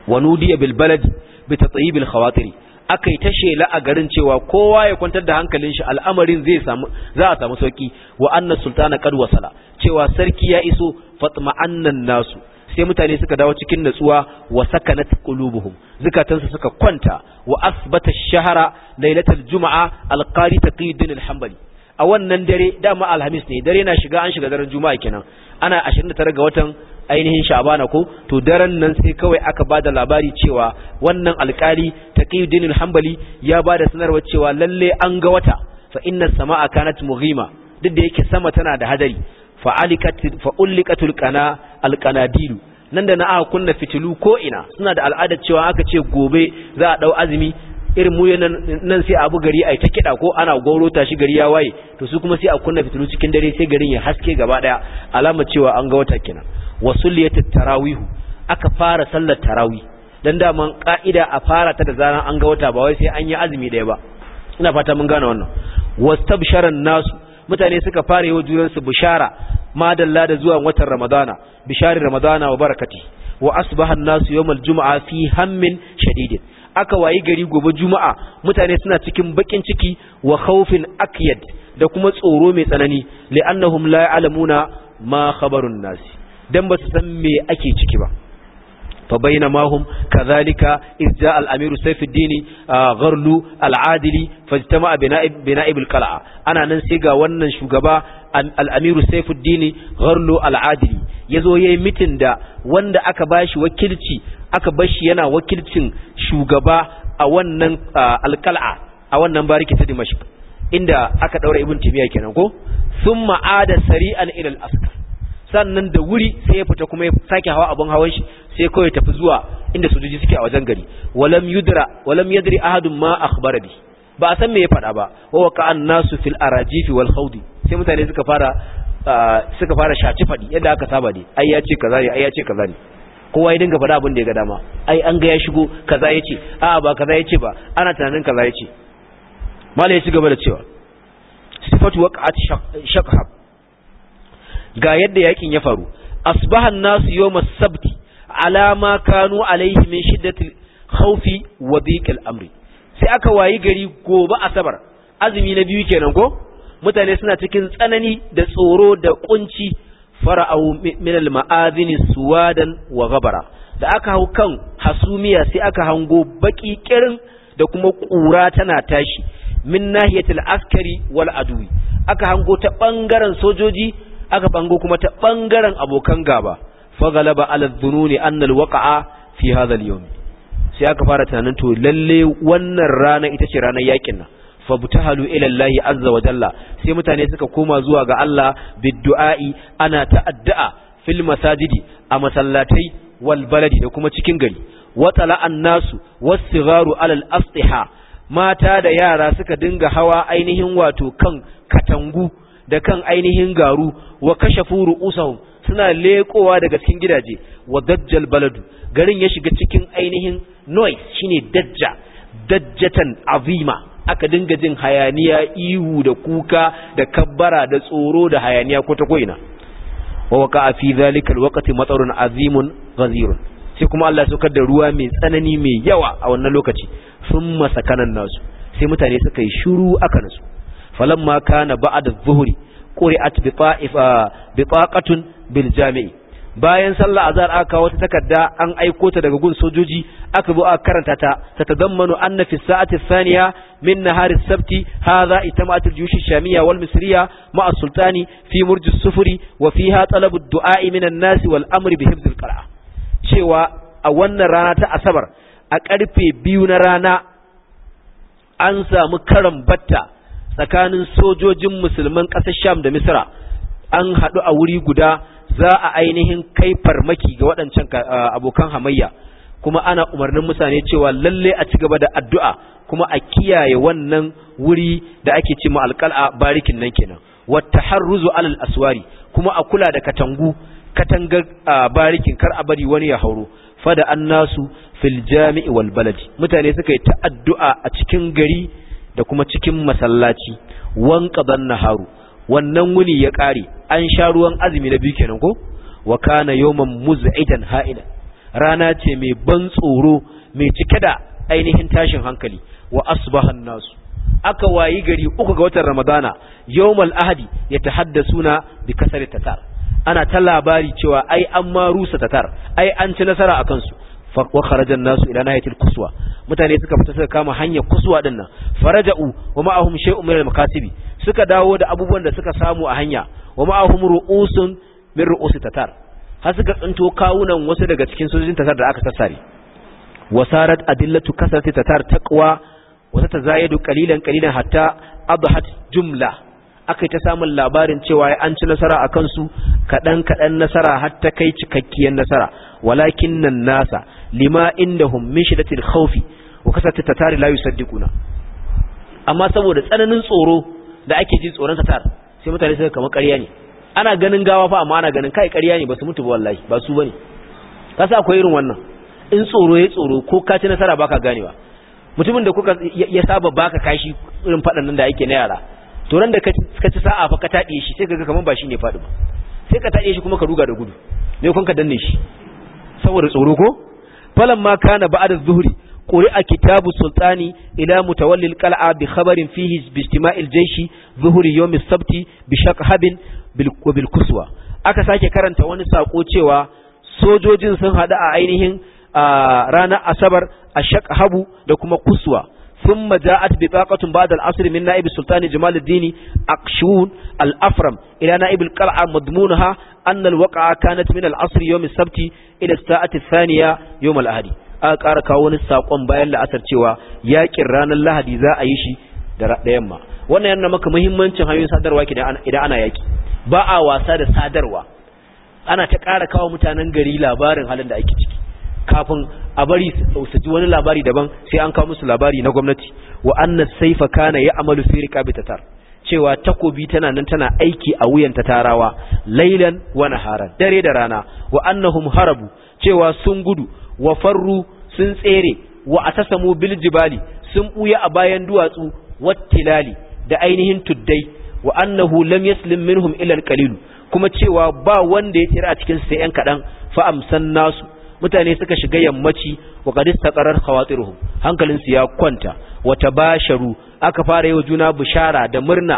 wa nudiya bil balad bi tatyib al khawatir akai ta shela a garin cewa kowa ya kwantar da hankalin shi al'amarin zai samu za a samu sauki wa anna sultana qad wasala cewa sarki ya iso fatma annan nasu sai mutane suka dawo cikin natsuwa wa sakanat qulubuhum zukatansu suka kwanta wa asbata shahara lailatul juma'a alqari taqiyuddin alhambali a wannan dare dama alhamis ne dare na shiga an shiga daren juma'a kenan ana 29 ga watan ainihin sha'bana ko to daren nan sai kawai aka bada labari cewa wannan alqari taqiyuddin hambali ya bada sanarwar cewa lalle an ga wata fa inna samaa kanat mughima duk da yake sama tana da hadari fa'ullikatul kana nan da na aka kunna fitilu koina suna da al'adar cewa aka ce gobe za a ɗau azumi irin mu nan sai abu gari yi ta kiɗa ko ana ta shi gari ya waye to su kuma sai a kunna fitilu cikin dare sai garin ya haske gaba ɗaya alamar cewa an ga wata kenan liyatar tarawihu aka fara sallar tarawi dan daman ka'ida a fara ta da zaran an ga wata ba wai sai an yi azumi daya ba ina fata mun gane wannan wasu tabsharan nasu mutane suka fara yi wa junansu bishara madalla da zuwan watan ramadana bishari ramadana wa barakati wa asbaha nasu yawmal juma'a fi hammin shadidin aka wayi gari gobe juma'a mutane suna cikin bakin ciki wa khawfin akyad da kuma tsoro mai tsanani li'annahum la ya'lamuna ma khabarun nasi dan ba su san me ake ciki ba fa bainama hum kadhalika izja al-amiru sayfuddin gharlu al-adili fajtama bina'ib bina'ib al-qal'a ana nan sai ga wannan shugaba al-amiru sayfuddin gharlu al-adili yazo yayi mitin da wanda aka bashi wakilci aka bashi yana wakilcin shugaba a wannan al a wannan bariki ta dimashq inda aka ɗaura ibn timiya kenan ko thumma ada sari'an ila al-askar sannan da wuri sai ya fita kuma ya sake hawa abun hawan shi sai kawai tafi zuwa inda sojoji suke a wajen gari walam yudra walam yadri ahadun ma akhbara bi ba a san me ya faɗa ba wa waqa nasu fil arajifi wal khawdi sai mutane suka fara suka fara shaci faɗi yadda aka saba ne ai ya ce kaza ne ai ya ce kaza ne kowa ya dinga faɗa abin da ya ga dama ai an ga ya shigo kaza ya ce a'a ba kaza ya ce ba ana tunanin kaza ya ce malai ya ci gaba da cewa sifatu waqa'at shakhab ga yadda yakin ya faru asbahan nasu as sabti alama kanu alaihi min shiddatil khawfi wa dhiqil amri sai aka wayi gari gobe asabar azumi na biyu kenan ko mutane suna cikin tsanani da tsoro da kunci fara'au min al suwadan wa ghabara da aka hau kan hasumiya sai aka hango baki kirin da kuma kura tana tashi min nahiyatil askari wal adwi aka hango ta bangaren sojoji aka bango kuma ta bangaren abokan gaba fa galaba ala waka'a anna fi hadha alyawm sai aka fara tunanin to lalle wannan rana ita ce ranar yakin nan fabtahalu ila Allah azza wa jalla sai mutane suka koma zuwa ga Allah bidduai ana ta'addu'a fil masajidi a masallatai wal baladi da kuma cikin gari watala annasu was-sigharu ala mata da yara suka dinga hawa ainihin wato kan katangu da kan ainihin garu wa kashafu ru'usahum suna lekowa daga cikin gidaje wa dajjal baladu garin ya shiga cikin ainihin noise shine dajja dajjatan azima aka dinga jin hayaniya ihu da kuka da kabbara da tsoro da hayaniya ko ta koina wa a fi zalikal alwaqti matarun azimun ghazirun sai kuma Allah suka da ruwa mai tsanani mai yawa a wannan lokaci sun kanan nasu sai mutane suka yi shiru aka nasu falamma kana ba'da adh-dhuhri quri'at bi bayan sallah azhar aka wata takarda an aiko ta daga gun sojoji aka zo aka karanta ta ta tazammanu anna fi sa'ati thaniya min nahar as-sabti hadha itamat al-juyush ash-shamiyya wal misriya ma'a sultani fi murj as-sufuri wa fiha talab ad-du'a min an-nas wal amri bi hifz al cewa a wannan rana ta asabar a karfe biyu na rana an samu karan batta tsakanin sojojin musulman ƙasar sham da misra an haɗu a wuri guda za a ainihin kai farmaki ga waɗancan abokan hamayya kuma ana umarnin mutane cewa lalle a ci gaba da addu'a kuma a kiyaye wannan wuri da ake ce alƙal'a barikin nan kenan wata harruzu alal aswari kuma a kula da katangu katangar barikin kar a bari wani ya hauro fada an nasu fil jami'i wal baladi mutane suka yi ta addu'a a cikin gari da kuma cikin masallaci wanka ban naharu wannan wuni ya kare an sha ruwan azumi na biyu kenan ko wa kana yawman muz'idan rana ce mai ban tsoro mai cike da ainihin tashin hankali wa asbahan nasu aka wayi gari uku ga watan ramadana yawmal ahadi ya tahaddasuna bi kasar tatar ana ta labari cewa ai an ma rusa tatar ai an ci nasara akan su wa kharajan nasu ila nahiyatil kuswa mutane suka fita suka kama hanyar kusuwa din nan faraja'u wa ma'ahum shay'un min al-makasibi suka dawo da abubuwan da suka samu a hanya wa ma'ahum ru'usun min ru'usi tatar har suka tsinto kawunan wasu daga cikin sojojin tatar da aka sassare wasarat adillatu kasrati tatar taqwa wa tatazayadu qalilan qalilan hatta adhat jumla akai ta samun labarin cewa an ci nasara akan su kadan kadan nasara har ta kai cikakkiyar nasara walakin nan nasa lima indahum min shiddatil khawfi wa kasatu tatari la yusaddiquna amma saboda tsananin tsoro da ake ji tsoron tatar sai mutane suka kama ƙarya ne ana ganin gawa fa amma ana ganin kai ƙarya ne ba su mutu ba wallahi ba su bane sa akwai irin wannan in tsoro ya tsoro ko ka ci nasara baka ganewa mutumin da kuka ya saba baka kashi irin fadan nan da yake na yara to ran da ka ci sa'a fa ka taɗe shi sai kaga kaman ba shi ne faɗi ba sai ka taɗe shi kuma ka ruga da gudu ne kun ka danne shi saboda tsoro ko Falan فلما كان بعد الظهر قرئ كتاب السلطان إلى متولي القلعة بخبر فيه باجتماع الجيش ظهر يوم السبت بشق هب وبالكسوة aka sake karanta wani saƙo cewa sojojin sun haɗu a ainihin ranar asabar a shak habu da kuma kusuwa sun maja'at bi tsakatun ba da al'asuri min na'ibu sultani jamaluddini a al'afram ila na'ibu kal'a madmuna ha أن الوقعة كانت من العصر يوم السبت إلى الساعة الثانية يوم الأهدي أقارك ونساقون بأن لأثر تيوى ياكي ران الله دي ذا أيشي da yamma wannan yana maka muhimmancin hanyoyin sadarwa idan ana yaki ba a wasa da sadarwa ana ta ƙara kawo mutanen gari labarin halin da ake ciki kafin a bari su wani labari daban sai an kawo musu labari na gwamnati wa annas saifa kana ya amalu fi riqabi tatar cewa takobi tana nan tana aiki a wuyanta tarawa lailan wa naharan dare da rana wa annahum harabu cewa sun gudu wa farru sun tsere wa atasamu bil jibali sun buya a bayan duwatsu wattilali da ainihin tuddai wa annahu lam yaslim minhum illa alqalil kuma cewa ba wanda ya tsira a cikin sai yan kadan fa amsan nasu mutane suka shiga yammaci wa qadista qarar khawatiruhum su ya kwanta wa tabasharu aka fara yi wa juna bishara da murna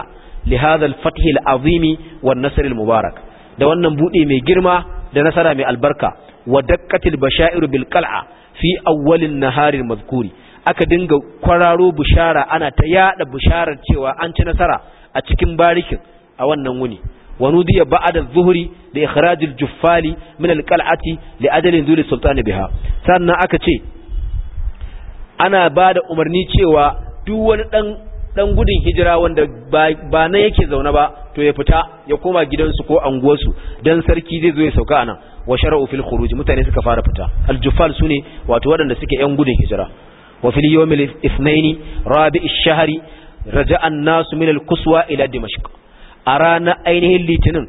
li hadhal fathil azimi wan nasr al mubarak da wannan bude mai girma da nasara mai albarka wa daqqatil bashair bil qal'a fi awwalin na al madhkuri aka dinga kwararo bishara ana ta yada bisharar cewa an ci nasara a cikin barikin a wannan wuni wa nudiya ba'da adh-dhuhri li ikhraj al-juffali min al-qal'ati li ajalin dhul sultan biha sannan aka ce ana bada umarni cewa duk wani dan dan gudun hijira wanda ba na yake zaune ba to ya fita ya koma gidansu ko anguwarsu dan sarki zai zo ya sauka anan wa shar'u fil khuruj mutane suka fara fita al sune wato waɗanda suke yan gudun hijira wa fil yawmil ithnaini rabi'ish shahri raja'a an-nasu min al-quswa ila dimashq a ranar ainihin litinin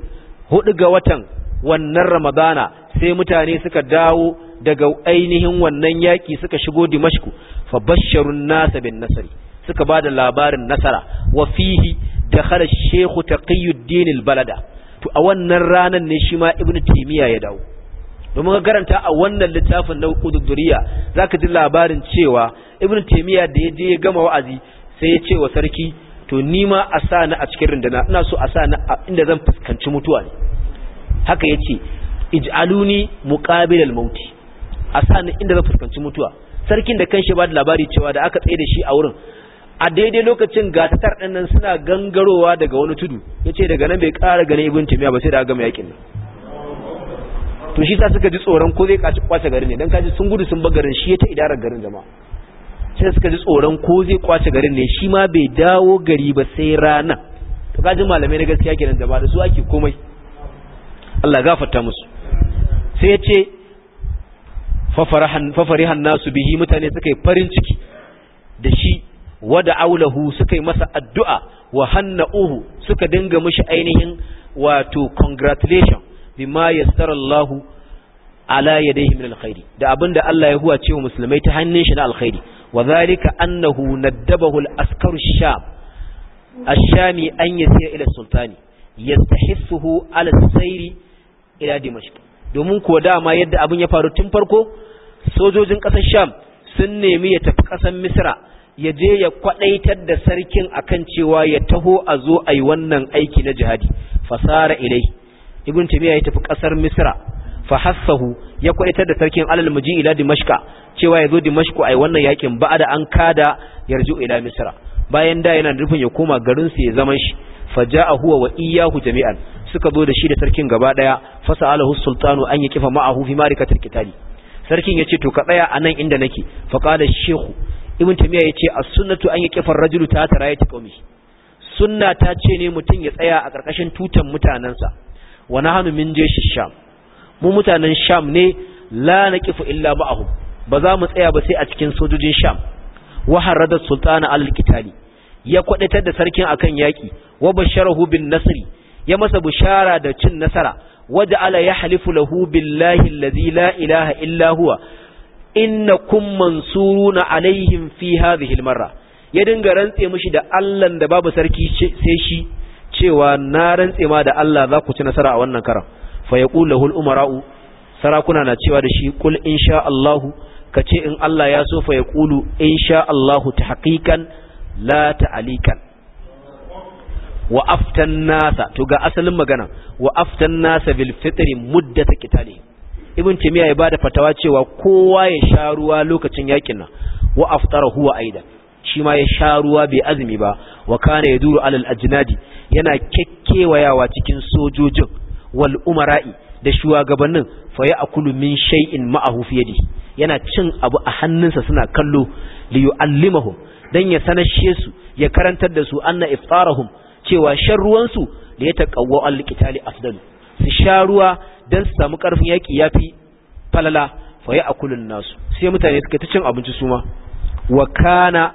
hudu ga watan wannan ramadana sai mutane suka dawo daga ainihin wannan yaki suka shigo dimashq fa basharun nasa bin nasri suka ba da labarin nasara wa fihi dakhala shaykhu taqiyuddin albalada to a wannan ranar ne shi ma ibnu timiya ya dawo domin ka karanta a wannan littafin na za zaka ji labarin cewa ibnu timiya da ya je ya gama wa'azi sai ya ce wa sarki to ni ma a sa ni a cikin rindana ina so a sa ni inda zan fuskanci mutuwa ne haka yace ij'aluni muqabilal mauti a sa inda zan fuskanci mutuwa sarkin da kanshi ba da labari cewa da aka tsaye da shi a wurin a daidai lokacin gatatar ɗin nan suna gangarowa daga wani tudu ya ce daga nan bai ƙara ganin ibin timiya ba sai da gama yakin nan to shi sa suka ji tsoron ko zai kwace garin ne don kaji sun gudu sun bagarin shi ya ta idarar garin jama'a sai suka ji tsoron ko zai kwace garin ne shi ma bai dawo gari ba sai rana to kaji malamai na gaskiya kenan jama'a da su ake komai Allah gafarta musu sai ya ce fafarihan nasu bihi mutane suka yi farin ciki da shi wada aulahu suka yi masa addu'a wa uhu suka dinga mashi ainihin wato congratulation bima yastarallahu ala yadayhi min alkhairi da abinda Allah ya huwa cewa musulmai ta hannun shi na alkhairi wa zalika annahu naddabahu al-askaru sham ashami an yasira ila sultani yastahissuhu ala sayri ila dimashq domin ko dama yadda abin ya faru tun farko sojojin kasar sham sun nemi ya tafi kasar misra ya je ya kwadaitar da sarkin akan cewa ya taho a zo a yi wannan aiki na jihadi fasara ilai ibn taymiya ya tafi kasar misra fa hassahu ya kwadaitar da sarkin alal muji ila dimashka cewa ya zo dimashku a yi wannan yakin da an kada yarju ila misra bayan da yana nufin ya koma garin sa ya zaman shi faja'a huwa wa iyahu jami'an suka zo da shi da sarkin gaba daya fasa'alahu sultanu an yakifa ma'ahu fi marikatil kitali sarkin ya ce to ka tsaya anan inda nake fa qala shehu ibn tamiya yace as-sunnatu an yaqifa ar-rajulu ta rayati qaumi sunna ta ce ne mutum ya tsaya a karkashin tutan mutanansa wa nahnu min jeshi sham mu mutanen sham ne la naqifu illa ma'ahum ba za mu tsaya ba sai a cikin sojojin sham wa harada sultana al-qitali ya kwadaitar da sarkin akan yaki wa basharahu bin nasri ya masa bushara da cin nasara ya yahlifu lahu billahi allazi la ilaha illa huwa Inna kun innakum na alaihim fi hadhihi almarra ya dinga rantse mishi da Allah da babu sarki sai shi cewa na rantse ma da Allah za ku ci nasara a wannan karan fa yaqulu lahul umara'u sarakuna na cewa da shi kul insha Allah ka ce in Allah ya so fa yaqulu insha Allah tahqiqan la ta'alikan wa aftan nasa to ga asalin magana wa aftan nasa bil fitri muddat ibn timiya ya bada fatawa cewa kowa ya sha ruwa lokacin yakin nan wa aftara huwa aida shi ma ya sha ruwa bai azumi ba wa kana yaduru alal ajnadi yana kekkewayawa cikin sojojin wal umara'i da shugabannin fa ya akulu min shay'in ma'ahu fi yadi yana cin abu a hannunsa suna kallo li yu'allimahum dan ya sanashe su ya karantar da su anna iftarahum cewa shan ruwansu da ya taqawwa al-qitali afdal su sha ruwa dan su samu karfin yaki yafi falala fa kullum nasu sai mutane suka ta cin abinci su ma wa kana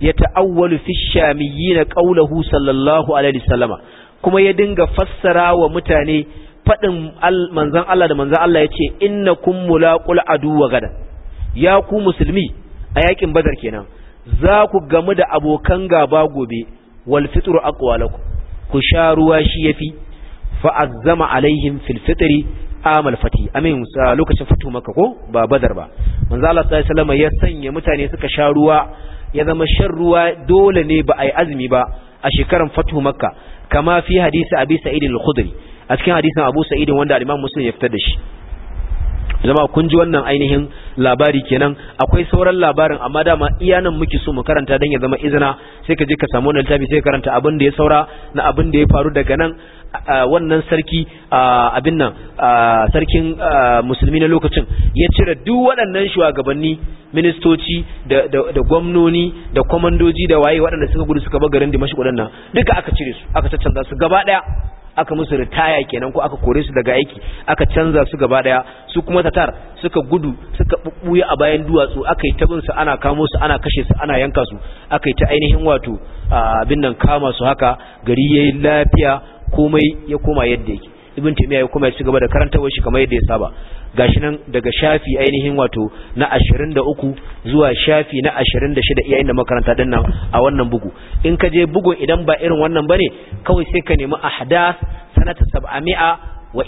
yata'awwalu fi na qawluhu sallallahu alaihi wasallama kuma ya dinga fassara wa mutane faɗin manzon Allah da manzon Allah yace innakum mulaqul adu wa gada. ya ku musulmi a yakin badar kenan za ku gamu da abokan gaba gobe wal fitru aqwalakum ku sha ruwa shi yafi fa'azzama alaihim fil fitri amal fati amin lokacin fatu maka ko ba badar ba manzo Allah sallallahu alaihi wasallam ya sanya mutane suka sha ruwa ya zama shan ruwa dole ne ba ai azumi ba a shekaran fatu maka kama fi hadisi abi sa'id al-khudri a cikin hadisin abu sa'id wanda al-imam muslim ya fitar da shi Zama kun ji wannan ainihin labari kenan akwai sauran labarin amma dama iya nan muke so mu karanta dan ya zama izina sai ka je ka samu wannan littafi sai karanta abin da ya saura na abin da ya faru daga nan wannan sarki abin nan sarkin musulmi na lokacin ya cire duk waɗannan shugabanni ministoci da da gwamnoni da kwamandoji da waye waɗanda suka gudu suka bar garin Dimashq waɗannan duka aka cire su aka caccanza su gaba daya aka musu ritaya kenan ko aka kore su daga aiki aka canza su gaba daya su kuma tatar suka gudu suka bubbuye a bayan duwatsu aka yi tabin su ana kamo su ana kashe su ana yanka su aka yi ta ainihin wato abin nan kama su haka gari yayin lafiya komai ya koma yadda yake ibn taymiya ya koma ya ci gaba da karantawar shi kamar yadda ya saba gashi nan daga shafi ainihin wato na 23 zuwa shafi na 26 yayin da makaranta din nan a wannan bugu in ka je bugun idan ba irin wannan bane kawai sai ka nemi ahdath sanata 700 wa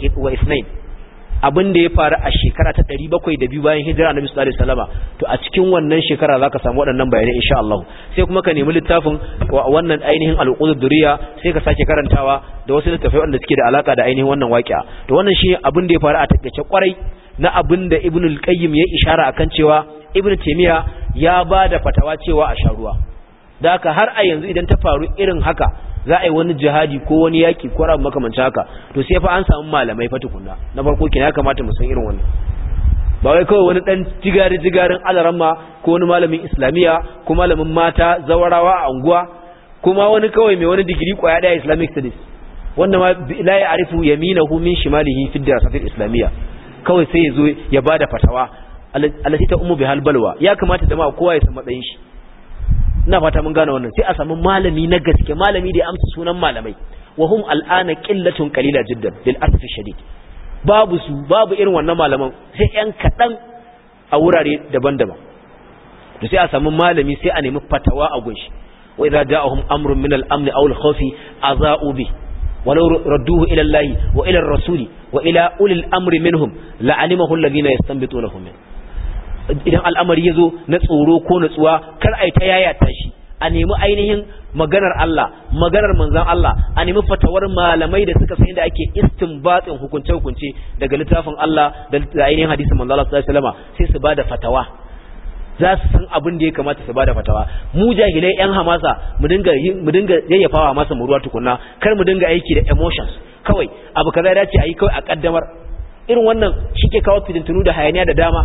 abin da ya faru a shekara ta 702 bayan hijira annabi sallallahu alaihi wasallam to a cikin wannan shekara zaka samu waɗannan bayanai insha Allah sai kuma ka nemi littafin wannan ainihin al-qudud duriya sai ka sake karantawa da wasu littafai wanda suke da alaka da ainihin wannan waƙiya to wannan shine abin da ya faru a takaice kwarai na abin da Ibn al-Qayyim ya ishara akan cewa ibnu taymiya ya ba da fatawa cewa a sharuwa da haka har a yanzu idan ta faru irin haka za a yi wani jihadi ko wani yaki ko rabu makamancin haka to sai fa an samu malamai fa tukunna na farko kenan ya kamata mu san irin wannan ba wai kawai wani dan jigari jigarin alaramma ko wani malamin islamiya ko malamin mata zawarawa a unguwa kuma wani kawai mai wani digiri kwaya daya islamic studies wanda ma la ya arifu yaminahu min shimalihi fi dirasatil islamiyya kawai sai ya zo ya bada fatawa alati ta ummu bihal balwa ya kamata jama'a kowa ya san matsayin shi ina fata mun gane wannan sai a samu malami na gaske malami da ya amsa sunan malamai wa hum al'ana qillatun qalila jiddan lil asfi shadid babu su babu irin wannan malaman sai yan kadan a wurare daban-daban to sai a samu malami sai a nemi fatawa a gunshi wa idza ja'ahum amrun min al-amn aw al-khawf aza'u bi ولو ردوه إلى الله وإلى الرسول وإلى أولي الأمر منهم لعلمه الذين يستنبطونه منه idan al'amari ya zo na tsoro ko natsuwa kar a yi ta yayata shi a nemi ainihin maganar Allah maganar manzan Allah a nemi fatawar malamai da suka san da ake batsin hukunce hukunce daga littafin Allah da ainihin hadisin manzon Allah sallallahu alaihi sai su bada fatawa za su san abin da ya kamata su bada fatawa mu jahilai yan hamasa mu dinga mu dinga yayyafawa masa mu tukunna kar mu dinga aiki da emotions kawai abu kaza ya dace a yi kawai a kaddamar irin wannan shike kawo fitintunu da hayaniya da dama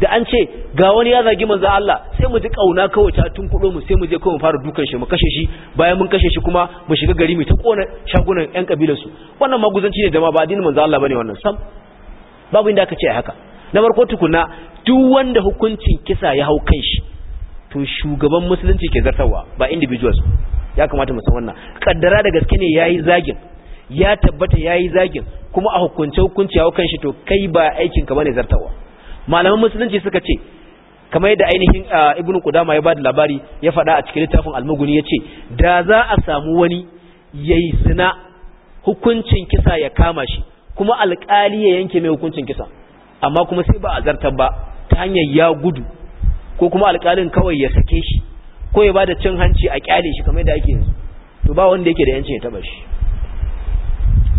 da an ce ga wani ya zagi manzo Allah sai mu ji kauna kawai ta tun kudo mu sai mu je kawai mu fara dukan shi mu kashe shi bayan mun kashe shi kuma mu shiga gari mu ta kona shagunan ƴan kabilar su wannan maguzanci ne jama'a ba addinin manzo Allah bane wannan sam babu inda aka ce haka na farko tukuna duk wanda hukuncin kisa ya hau kan shi to shugaban musulunci ke zartarwa ba individuals ya kamata mu san wannan kaddara da gaske ne yayi zagin ya tabbata yayi zagin kuma a hukunce hukunci ya hau kan shi to kai ba aikin ka bane zartarwa malaman musulunci suka ce kamar yadda ainihin ibn Kudama ya bada labari ya faɗa a cikin littafin ya ce da za a samu wani yayi zina hukuncin kisa ya kama shi kuma alƙali ya yanke mai hukuncin kisa amma kuma sai ba a zartar ba ta hanyar ya gudu ko kuma alƙalin kawai ya sake shi ko ya bada cin hanci a kyale shi kamar yadda ake yanzu to ba wanda yake da yancin ya taba shi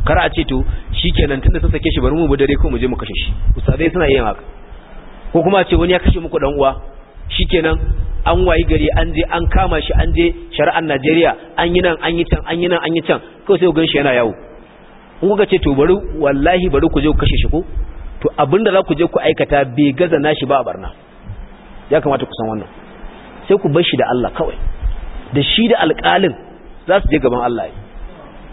kar a ce to shikenan tunda sun sake shi bari mu bi dare ko mu je mu kashe shi usadai suna yin haka ko kuma ce wani ya kashe muku dan uwa shikenan an wayi gari an je an kama shi an je shari'ar Najeriya an yi nan an yi can an yi nan an yi can ko sai ku ganshi yana yawo in kuka ce to bari wallahi bari ku je ku kashe shi ko to abinda za ku je ku aikata bai gaza nashi ba a barna ya kamata ku san wannan sai ku bar shi da Allah kawai da shi da alƙalin za su je gaban Allah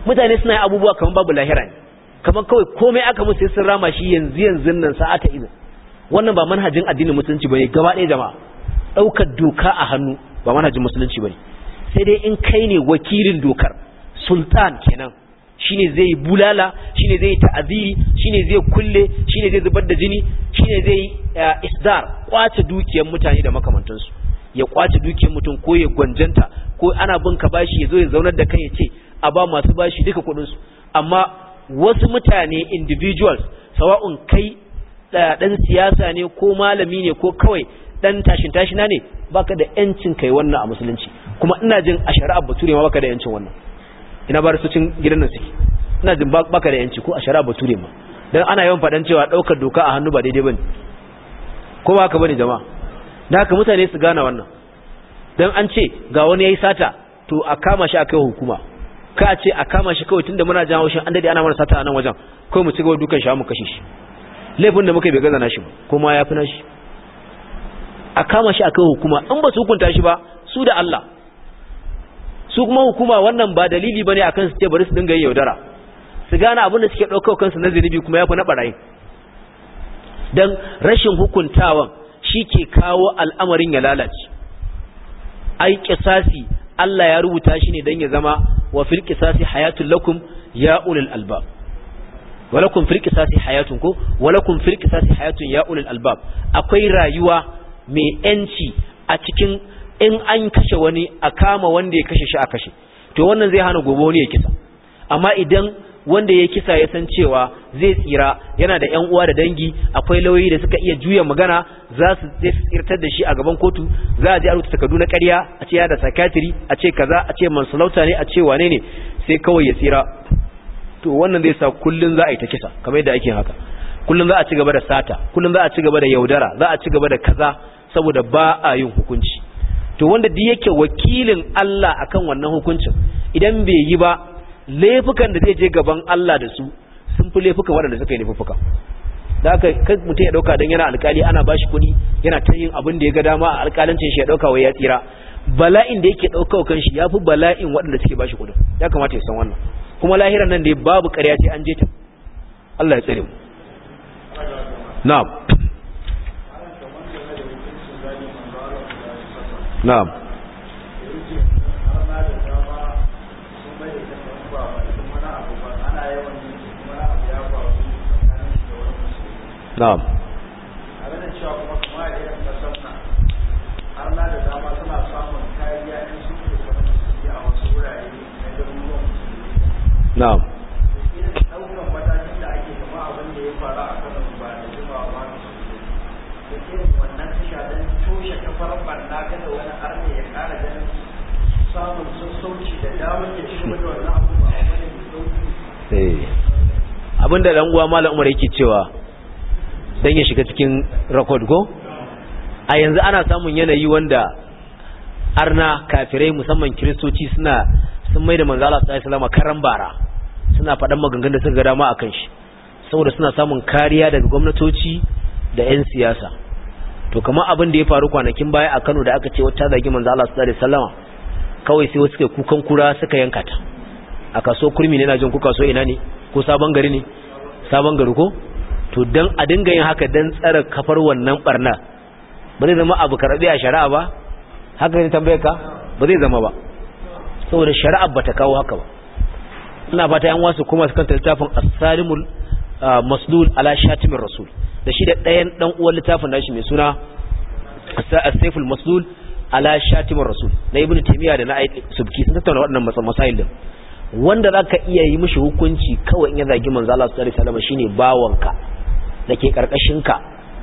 mutane suna abubuwa kamar babu lahira ne kamar kawai komai aka musu sai sun rama shi yanzu yanzu nan sa'ata idan wannan ba manhajin addinin musulunci bane gaba ɗaya jama'a ɗaukar doka a hannu ba manhajin musulunci bane sai dai in kai ne wakilin dokar sultan kenan shine zai bulala shine zai ta'aziri shine zai kulle shine zai zubar da jini shine zai eh, isdar kwace dukiyar mutane da makamantansu ya kwace dukiyar mutum ko ya gwanjanta ko ana bin ka bashi ya zo ya zaunar da kai ya ce a ba masu bashi duka kuɗin su amma wasu mutane individuals sawa'un kai dan siyasa ne ko malami ne ko kawai dan tashin tashina ne baka da yancin kai wannan a musulunci kuma ina jin a shari'a bature ma baka da yancin wannan ina ba rasocin gidan nan suke ina jin baka da yanci ko a shari'a bature ma dan ana yawan fadan cewa daukar doka a hannu ba daidai bane ko ba haka bane jama'a dan haka mutane su gane wannan dan an ce ga wani yayi sata to a kama shi a kai hukuma ka ce a kama shi kawai tunda muna jan haushin an dade ana mana sata a nan wajen kawai mu ci gaba dukan shi mu kashe shi laifin da muka yi bai gaza nashi ba kuma ya fi nashi a kama shi akan hukuma in ba su hukunta shi ba su da Allah su kuma hukuma wannan ba dalili bane akan su ce bari su dinga yin yaudara su gane abin da suke ɗaukawa kansu na zunubi kuma ya fi na barayi dan rashin hukuntawan shi ke kawo al'amarin ya lalace ai kisasi Allah ya rubuta shi ne dan ya zama wa fil kisasi hayatul lakum ya ulul albab walakum fil hayatun ko walakum firkisasi hayatun ya ulul albab akwai rayuwa mai yanci a cikin in an kashe wani a kama wanda ya kashe shi a kashe to wannan zai hana gobe wani ya kisa amma idan wanda ya kisa ya san cewa zai tsira yana da yan uwa da dangi akwai lauyoyi da suka iya juya magana za su tsirtar da shi a gaban kotu za a je a rubuta takardu na ƙarya a ce ya da sakatiri a ce kaza a ce mansulauta ne a ce wane ne sai kawai ya tsira to wannan zai sa kullun za a yi ta kisa kamar yadda ake haka kullun za a ci gaba da sata kullun za a ci gaba da yaudara za a ci gaba da kaza saboda ba a yin hukunci to wanda duk yake wakilin Allah akan wannan hukuncin idan bai yi ba laifukan da zai je gaban Allah da su sun fi laifukan waɗanda suka yi laifuka da aka kai mutum ya ɗauka don yana alkali ana bashi kuɗi yana ta yin abin da ya ga dama a alkalancin shi ya dauka wai ya tsira bala'in da yake ɗauka kan shi ya fi bala'in waɗanda suke bashi kuɗin ya kamata ya san wannan kuma lahiran nan da babu ƙarya ce an je Allah ya tsere mu na'am na'am na'am na'am eh. abinda dan uwa umar yake cewa don ya shiga cikin record go a yanzu ana samun yanayi wanda arna kafirai musamman kiristoci suna sun mai da manzala su alaihi wasallam karan bara suna faɗan maganganun da suka ga dama akan shi saboda suna samun kariya daga gwamnatoci da 'yan siyasa to kamar abin da ya faru kwanakin baya a Kano da aka ce wata zagi manzo Allah sallallahu alaihi wasallam kawai sai wasu kai kukan kura suka yanka ta a kaso kurmi ne na jin kuka so ina ne ko sabon gari ne sabon gari ko to dan a dinga yin haka dan tsara kafar wannan barna ba zai zama abu karabe a shari'a ba haka ne tambayar ka ba zai zama ba saboda shari'a ba ta kawo haka ba ina fata yan wasu kuma su kanta littafin as-salimul ah, maslul ala shatimir rasul da shi da ɗayan dan uwan littafin nashi mai suna as-saiful maslul ala shatimir rasul na ibnu taymiya da na subki sun tattauna waɗannan masail din wanda zaka iya yi mishi hukunci kawai in ya zagi manzo Allah sallallahu alaihi wasallam shine bawanka dake karkashin ka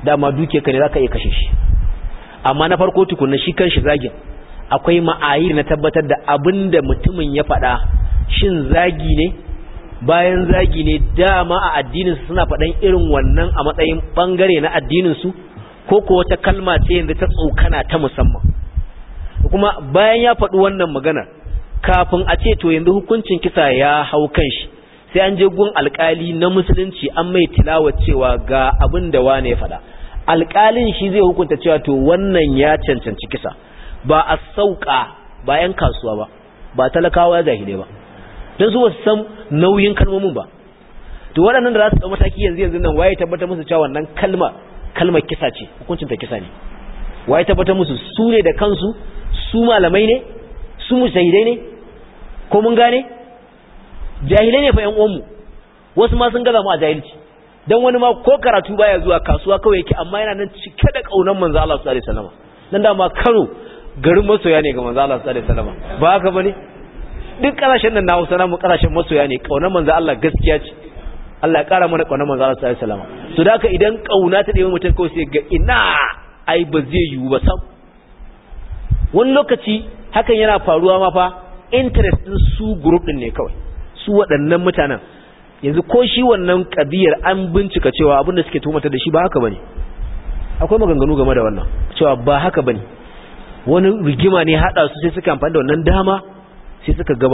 dama duke ka ne zaka iya kashe shi amma na farko tukunna shi kanshi zagin akwai ma'ayir na tabbatar da abinda mutumin ya faɗa shin zagi ne bayan zagi ne dama a addininsu suna faɗan irin wannan a matsayin ɓangare na addinin su. ko ko wata kalma ce yanzu ta tsokana ta musamman kuma bayan ya faɗi wannan magana kafin a ce to yanzu hukuncin kisa ya hau kan shi sai an je gun alkali na musulunci an mai tilawa cewa ga abin da wane ya faɗa alkalin shi zai hukunta cewa to wannan ya cancanci kisa ba a sauka bayan kasuwa ba ba talakawa jahilai ba don su wasu san nauyin kalmomin ba to waɗannan da za su ɗau mataki yanzu yanzu nan waye tabbatar musu cewa wannan kalma kalma kisa ce hukuncin ta kisa ne waye tabbatar musu su ne da kansu su malamai ne su mujtahidai ne ko mun gane jahilai ne fa yan uwanmu wasu ma sun gaza mu a jahilci dan wani ma ko karatu baya zuwa kasuwa kawai yake amma yana nan cike da kaunan manzo Allah sallallahu alaihi wasallam nan da ma Kano garin masoya ne ga manzo Allah sallallahu alaihi wasallam ba haka bane duk ƙasashen nan na Hausa namu ƙasashen masoya ne kaunar manzo Allah gaskiya ce Allah ya ƙara mana kaunar manzo Allah sallallahu alaihi wasallam to da haka idan kauna ta dai mutum kawai sai ga ina ai ba zai yiwu ba sam wani lokaci hakan yana faruwa ma fa interest din su group din ne kawai su waɗannan mutanen yanzu ko shi wannan kabiyar an bincika cewa abinda suke tumata da shi ba haka bane akwai maganganu game da wannan cewa ba haka bane wani rigima ne hada su sai suka amfani da wannan dama sai suka ga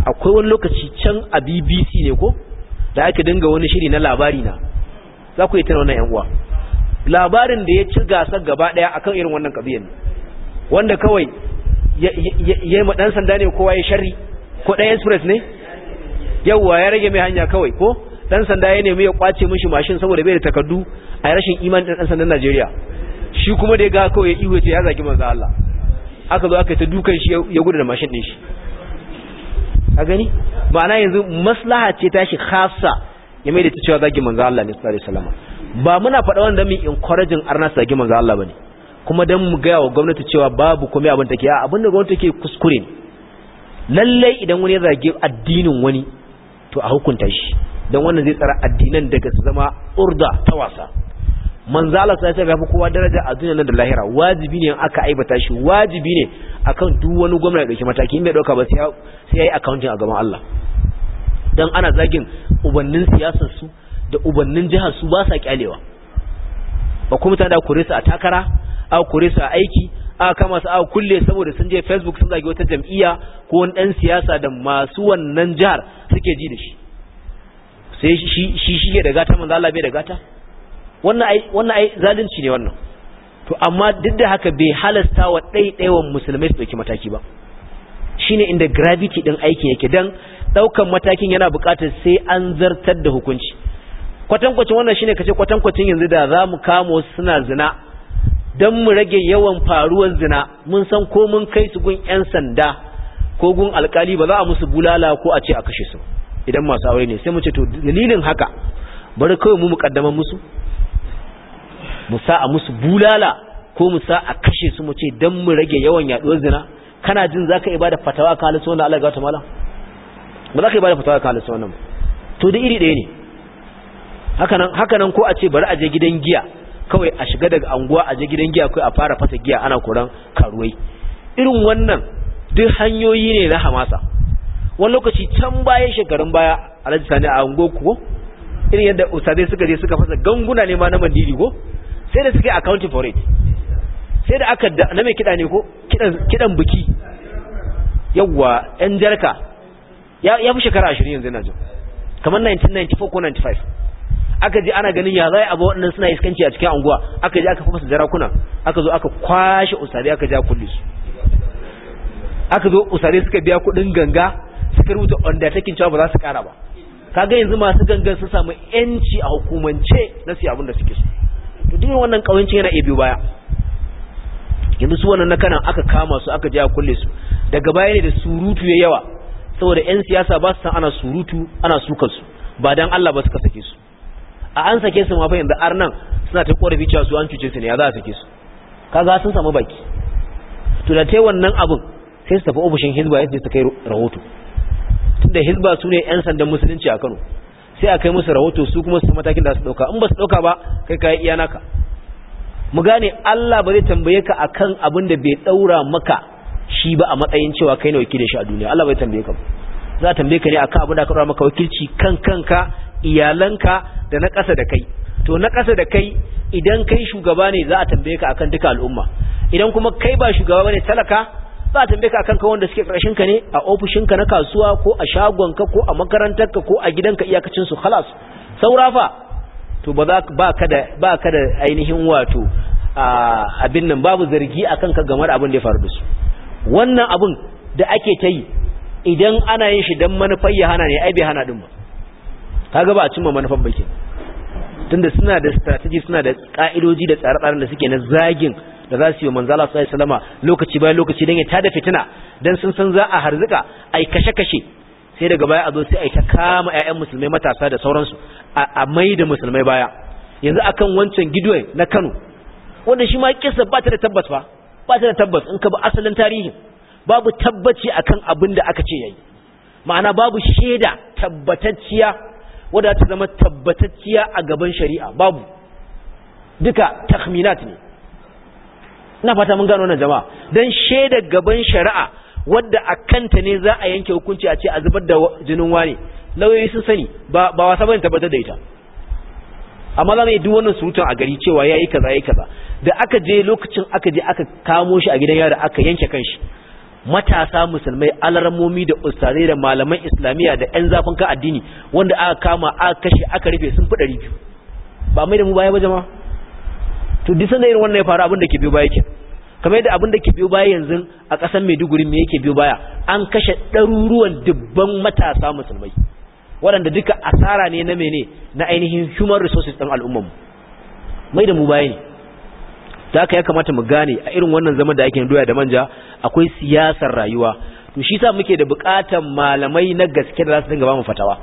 akwai wani lokaci can a BBC ne ko da ake dinga wani shiri na labari na za ku yi tana wannan yan uwa labarin da ya ci gasar gaba daya akan irin wannan kabiyan wanda kawai ya yi ma sanda ne kowa ya shari ko dan express ne yawwa ya rage mai hanya kawai ko dan sanda ya nemi ya kwace mishi mashin saboda bai da takardu a rashin imanin dan sandan Najeriya shi kuma da ya ga kawai ya iwe ya zagi manzo Allah aka zo aka yi ta dukan shi ya gudu da mashin din shi a gani ma'ana yanzu maslaha ce tashi khasa ya mai da ta cewa zagi manzo Allah ne sallallahu alaihi wasallam ba muna faɗa wanda mu encouraging arna zagi manzo Allah ne? kuma dan mu ga wa gwamnati cewa babu komai abin take a abin da gwamnati ke kuskure ne lallai idan wani ya zage addinin wani to a hukunta shi dan wannan zai tsara addinan daga su zama urda ta wasa manzala sai ya fi kowa daraja a duniya nan da lahira wajibi ne aka aibata shi wajibi ne akan duk wani gwamnati da ke mataki in bai dauka ba sai yayi accounting a gaban Allah dan ana zagin ubannin siyasar su da ubannin jihar su ba sa kyalewa ba kuma ta da kure a takara a kurisa a aiki a kama su a kulle saboda sun je Facebook sun zagi wata jam'iyya ko wani dan siyasa da masu wannan jihar suke ji da shi sai shi shi shi da gata manzala bai da gata wannan ai zalunci ne wannan to amma duk da haka bai halasta wa ɗaiɗaiwan musulmai su ɗauki mataki ba shine inda gravity ɗin aikin yake dan ɗaukan matakin yana buƙatar sai an zartar da hukunci kwatankwacin wannan shine kace kwatankwacin yanzu da za mu kamo suna zina dan mu rage yawan faruwar zina mun san ko mun kai su gun yan sanda ko gun alkali ba za a musu bulala ko a ce a kashe su idan masu aure ne sai mu ce to dalilin haka bari kawai mu mukaddamar musu mu sa a musu bulala ko mu sa a kashe su mu ce don mu rage yawan yaduwar zina kana jin za ka ibada fatawa kan halittu wanda Allah ga wata malam ba za ka ibada fatawa kan halittu wannan to da iri ɗaya ne hakanan ko a ce bari a je gidan giya kawai a shiga daga anguwa a je gidan giya kai a fara fasa giya ana koran karuwai irin wannan duk hanyoyi ne na hamasa wani lokaci can bayan shekarun baya alhaji sani a ko irin yadda usadai suka je suka fasa ganguna ne ma na mandiri ko sai da suka yi accounting for it sai da aka na mai kiɗa ne ko kiɗan biki yawwa ɗan jarka ya fi shekara ashirin yanzu yana jin kamar 1994 ko 95 aka ji ana ganin ya zai abu waɗannan suna iskanci a cikin anguwa aka ji aka fi masa jarakuna aka zo aka kwashe usare aka ja kulle su aka zo usare suka biya kuɗin ganga suka rubuta undertaking cewa ba za su kara ba kaga yanzu masu gangan sun samu yanci a hukumance na siya abin da suke so to dukkan wannan kawancin yana iya biyo baya yanzu su wannan nakanan aka kama su aka je a kulle su daga baya ne da surutu ya yawa saboda yan siyasa ba su san ana surutu ana sukar su ba dan Allah ba suka sake su a an sake su ma fa yanzu nan suna ta korafi cewa su an cuce su ne ya za a sake su kaga sun samu baki to da tai wannan abun sai su tafi ofishin hizba ya su kai rahoto tunda hizba su ne yan sandan musulunci a Kano sai a kai musu rahoto su kuma su matakin da su dauka in ba su dauka ba kai kai iya naka mu gane Allah ba zai tambaye ka akan abin da bai daura maka shi ba a matsayin cewa kai ne wakilin shi a duniya Allah bai tambaye ka ba za a tambaye ka ne akan abin da ka daura maka wakilci kan kanka iyalanka da na ƙasa da kai to na ƙasa da kai idan kai shugaba ne za a tambaye ka akan duka al'umma idan kuma kai ba shugaba bane talaka za a ka kanka wanda suke karshen ka ne a ofishin ka na kasuwa ko a shagonka ko a makarantarka ko a gidanka iyakacin su khalas saura fa to ba ka da ba ka da ainihin wato abin nan babu zargi akan ka game da abin da ya faru da su wannan abin da ake ta yi idan ana yin shi dan manufar ya hana ne ai bai hana din ba kaga ba a cimma manufar bakin tunda suna da strategy suna da ka'idoji da tsare-tsaren da suke na zagin da za su yi manzo Allah sallallahu salama lokaci bayan lokaci dan ya tada fitina dan sun san za a harzuka ai kashe kashe sai daga baya a zo sai ai ta kama 'ya'yan musulmai matasa da sauransu a mai da musulmai baya yanzu akan wancan gidoy na Kano wanda shi ma kissa ba ta da tabbas ba ba ta da tabbas in ka bi asalin tarihin babu tabbaci akan abin da aka ce ya yi ma'ana babu shaida tabbatacciya wadda ta zama tabbatacciya a gaban shari'a babu duka takhminat ne ina fata mun gano wannan jama'a dan shaidar gaban shari'a wadda a kanta ne za a yanke hukunci a ce a zubar da jinin wani lauyoyi sun sani ba ba wasa bane tabbatar da ita amma za mu yi duk wannan surutun a gari cewa ya yi kaza yayi kaza da aka je lokacin aka je aka kamo shi a gidan yara aka yanke shi, matasa musulmai alarmomi da ustazai da malaman islamiyya da yan zafin ka addini wanda aka kama aka kashe aka rufe sun fi biyu. ba mai da mu baya ba jama'a to duk sanda irin wannan ya faru abin da ke biyo baya ke kamar yadda abin da ke biyo baya yanzu a ƙasar Maiduguri me yake biyo baya an kashe ɗaruruwan dubban matasa musulmai waɗanda duka asara ne na mene na ainihin human resources ɗin al'ummar mu mai da mu baya ne da aka ya kamata mu gane a irin wannan zaman da ake doya da manja akwai siyasar rayuwa to shi sa muke da buƙatar malamai na gaske da za su dinga ba mu fatawa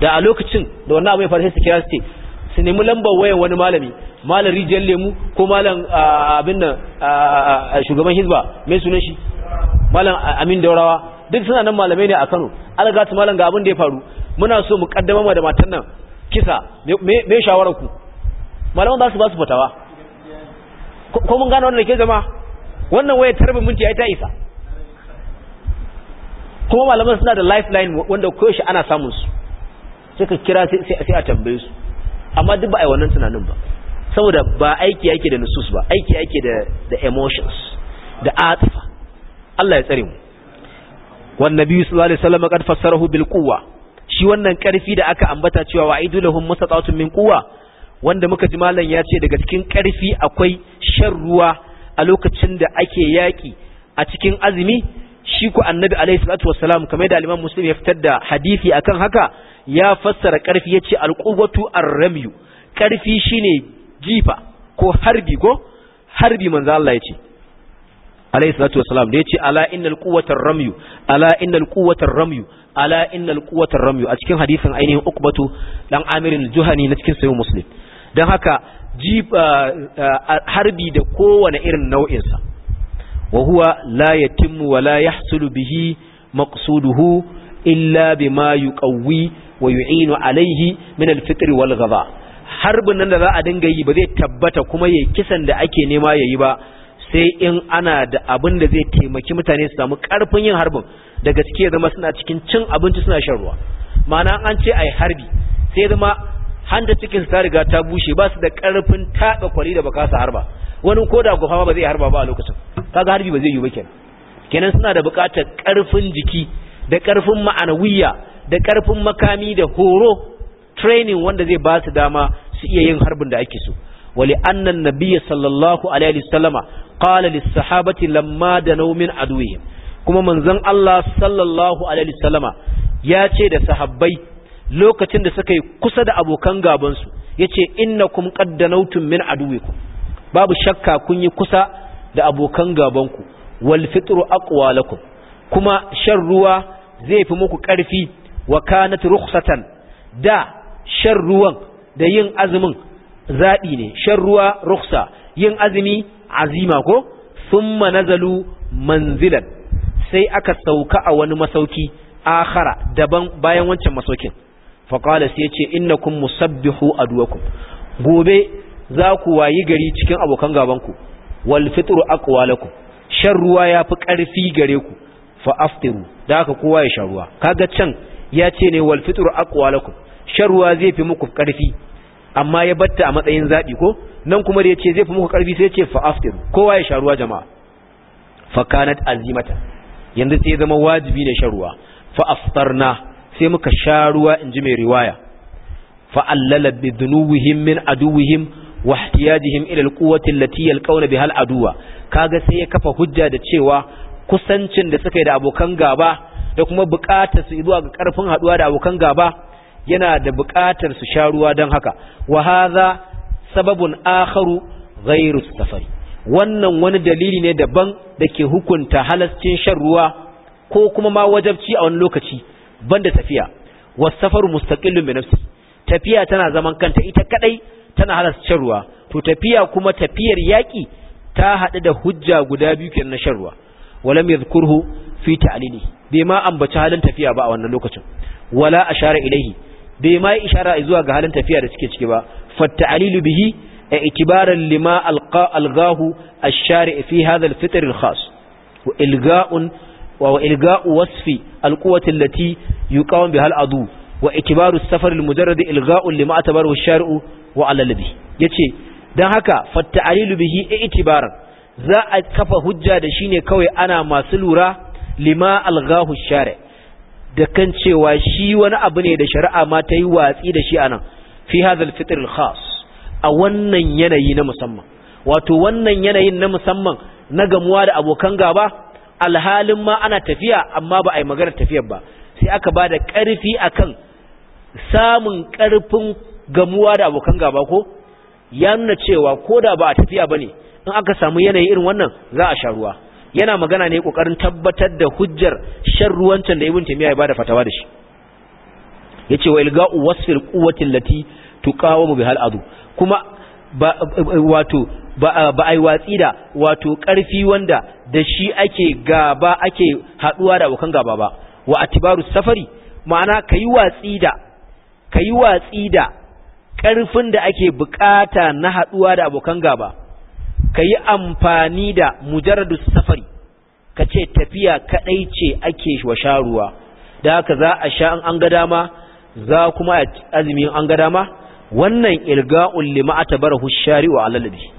da a lokacin da wannan abu ya faru sai su kira su ce su nemi lambar wayan wani malami malam rijiyar lemu ko malam abin da shugaban hizba mai sunan shi malam amin daurawa duk suna nan malamai ne a kano algata malam ga abin da ya faru muna so mu kaddama da matan nan kisa mai shawarar ku malaman za su ba su fatawa ko mun gane wannan da ke zama wannan waya tarbin minti ya ta isa kuma malaman suna da lifeline wanda koyaushe ana samun su sai ka kira sai a tambaye su amma duk ba a yi wannan tunanin ba saboda ba aiki yake da nusus ba aiki yake da da emotions da atifa Allah ya tsare mu wan nabi sallallahu alaihi wasallam kad fassarahu bil quwwa shi wannan karfi da aka ambata cewa wa'idu lahum mustata'atun min quwwa wanda muka ji mallan ya ce daga cikin karfi akwai shan ruwa a lokacin da ake yaki a cikin azumi shi ku annabi alaihi salatu wassalam kamar da al-imam muslim ya fitar da hadisi akan haka ya fassara karfi yace al-quwwatu ar-ramyu karfi shine jifa ko harbi ko harbi manzo Allah yace alayhi salatu wassalam da yace ala innal quwwatar ramyu ala innal quwwatar ramyu ala innal quwwatar ramyu a cikin hadisin ainihin ukbatu dan amirin juhani na cikin sahih muslim dan haka uh, uh, harbi da kowane irin nau'insa wa huwa la yatimmu wa la yahsulu bihi maqsuduhu illa bima yuqawwi wa yu'inu alayhi min al-fitr wal gaba. harbin nan da za a dinga yi ba zai tabbata kuma yayi kisan da ake nema yayi ba sai in ana da abin da zai taimaki mutane su samu karfin yin harbin da gaskiya zama suna cikin cin abinci suna shan ruwa ma'ana an ce ai harbi sai zama hanta cikin ta riga ta bushe ba su da karfin taɓa kwari da baka su harba wani ko da gwafa ba zai harba ba a lokacin kaga harbi ba zai yi ba kenan kenan suna da buƙatar karfin jiki da karfin ma'anawiyya da karfin makami da horo training wanda zai ba su dama su iya yin harbin da ake so wali annan nabiyyi sallallahu alaihi wasallama qala lis sahabati lamma danaw min aduwihim kuma manzon Allah sallallahu alaihi wasallama ya ce da sahabbai lokacin da suka yi kusa da abokan gaban su yace innakum qad danawtum min aduwikum babu shakka kun yi kusa da abokan gaban ku wal fitru aqwa lakum kuma shan ruwa zai fi muku karfi wa kanat rukhsatan da shan ruwan da yin azumin zaɓi ne shan ruwa ruksa yin azumi azima ko summa nazalu manzilan sai aka sauka a wani masauki akhara daban bayan wancan masaukin faqala sai yace kun musabbihu a duwakun, gobe za ku wayi gari cikin abokan gabanku wal fitru kowalakun, shan ruwa ya fi ƙarfi gare ku fa aftiru da haka kowa ya sha ruwa kaga can ya ce ne wal fitru kowalakun, sharuwa zai fi muku karfi amma ya batta a matsayin zaɓi ko nan kuma da ya ce zai fi muku ƙarfi sai ce fa kowa ya sharuwa jama'a fakanat azimata yanzu sai ya zama wajibi ne sharuwa fa na sai muka sharuwa in ji mai riwaya fa bi dhunuwihim min aduwihim wa ihtiyajihim ila alquwwati allati yalqawna biha aduwa kaga sai ya kafa hujja da cewa kusancin da suka yi da abokan gaba da kuma bukatar su zuwa ga karfin haduwa da abokan gaba yana da buƙatar su sha ruwa don haka wa sababin sababun akharu ghairu safari wannan wani dalili ne daban da ke hukunta halascin shan ruwa ko kuma ma wajabci a wani lokaci banda tafiya safaru mustaqillun bi nafsi tafiya tana zaman kanta ita kadai tana halarta shan ruwa to tafiya kuma tafiyar yaki ta haɗu da hujja guda biyu kenan na shan ruwa walam yadhkurhu fi ta'lili bai ma ambaci halin tafiya ba a wannan lokacin wala ashara ilaihi bai ma yi ishara zuwa ga halin tafiya da suke ciki ba fatta'alilu bihi a itibaran lima algahu ash-shari' fi hadha wa ilga'un wa ilga'u wasfi allati biha wa safar lima atabaru wa yace dan haka fatta'alilu bihi itibaran za a kafa hujja da shine kawai ana masu lura lima algahu da kan cewa shi wani abu ne da shari'a ma ta yi watsi da shi anan fi hazal fitr khas a wannan yanayi na musamman wato wannan yanayin na musamman na gamuwa da abokan gaba alhalin ma ana tafiya amma ba a yi magana tafiyar ba sai aka ba da ƙarfi akan samun ƙarfin gamuwa da abokan gaba ko ya nuna cewa ko da ba a tafiya ba ne in aka samu yanayi irin wannan za a sha ruwa yana magana ne kokarin tabbatar da hujjar sharruwancin can da ibn taymiya ya bada fatawa da shi yace wa ilga'u wasfil quwwati allati tuqawamu bihal adu kuma ba wato ba ai watsi da wato karfi wanda da shi ake gaba ake haduwa da abokan gaba ba wa atibaru safari ma'ana kayi watsi da kayi watsi da karfin da ake bukata na haduwa da abokan gaba ka yi amfani da mujaradu safari ka ce tafiya kaɗai ce ake wa sharuwa da haka za a sha an ga dama za kuma a azumin an ga dama wannan ilga'un lima a hushari shari'u alalabi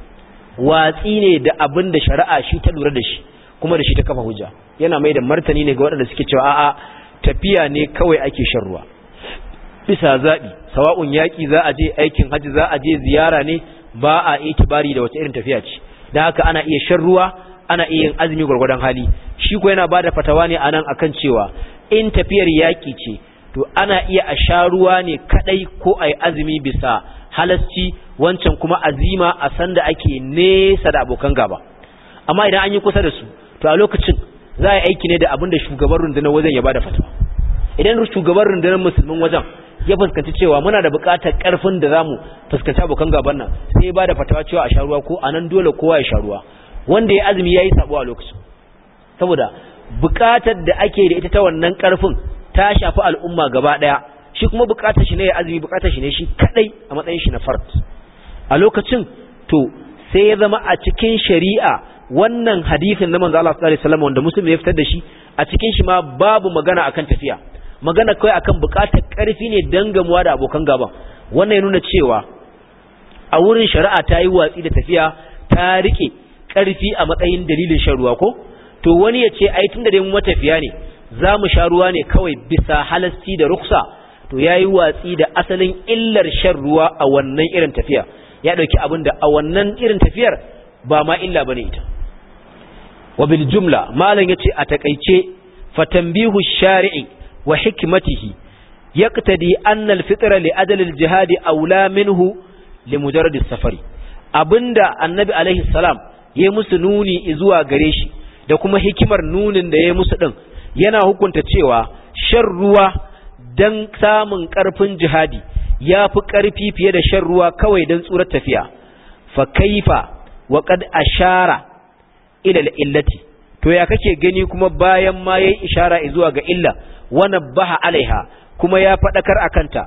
watsi ne da abin da shari'a shi ta lura da shi kuma da shi ta kafa hujja yana mai da martani ne ga waɗanda suke cewa a'a tafiya ne kawai ake shan ruwa bisa zaɓi sawa'un yaƙi za a je aikin hajji za a je ziyara ne ba a itibari da wata irin tafiya ce da haka ana iya shan ruwa ana iya azumi gurgurdan hali shi ko yana bada fatawa ne anan akan cewa in tafiyar yaki ce to ana iya a sha ruwa ne kadai ko ai azumi bisa halasci wancan kuma azima a sanda ake nesa da abokan gaba amma idan an yi kusa da su to a lokacin za a yi aiki ne da abin da shugaban rundunar wajen ya bada fatawa idan shugaban rundunar musulmin wajen ya fuskanci cewa muna da buƙatar ƙarfin da zamu fuskanci abokan gaban nan sai ba da fatawa cewa a sha ruwa ko anan dole kowa ya sha ruwa wanda ya azumi yayi sabo a lokacin saboda buƙatar da ake da ita ta wannan ƙarfin ta shafi al'umma gaba ɗaya shi kuma buƙatar shi ne ya azumi buƙatar shi ne shi kadai a matsayin shi na fard a lokacin to sai ya zama a cikin shari'a wannan hadisin na manzo Allah sallallahu alaihi wasallam wanda muslim ya fitar da shi a cikin shi ma babu magana akan tafiya magana kawai akan bukatar karfi ne dangamuwa da abokan gaban wannan ya nuna cewa a wurin shari'a ta yi watsi da tafiya ta rike karfi a matsayin dalilin shan ruwa ko to wani ya ce ai tunda dai mu matafiya ne za mu sha ruwa ne kawai bisa halasti da ruksa to ya yi watsi da asalin illar shan ruwa a wannan irin tafiya ya ɗauki abin da a wannan irin tafiyar ba ma illa ba ne ita bil jumla malam ya ce a taƙaice fatambihu shari'in. wa hikmatihi yaqtadi anna al-fitra li ajal al-jihad aula minhu li mujarrad as-safari abinda annabi alaihi salam yayi musu nuni zuwa gare shi da kuma hikimar nunin da yayi musu din yana hukunta cewa shan ruwa dan samun ƙarfin jihadi ya fi karfi fiye da shan ruwa kawai dan tsurar tafiya fa kaifa wa qad ashara ila al-illati to ya kake gani kuma bayan ma yayi ishara izuwa ga illa wa baha alaiha kuma ya faɗakar a kanta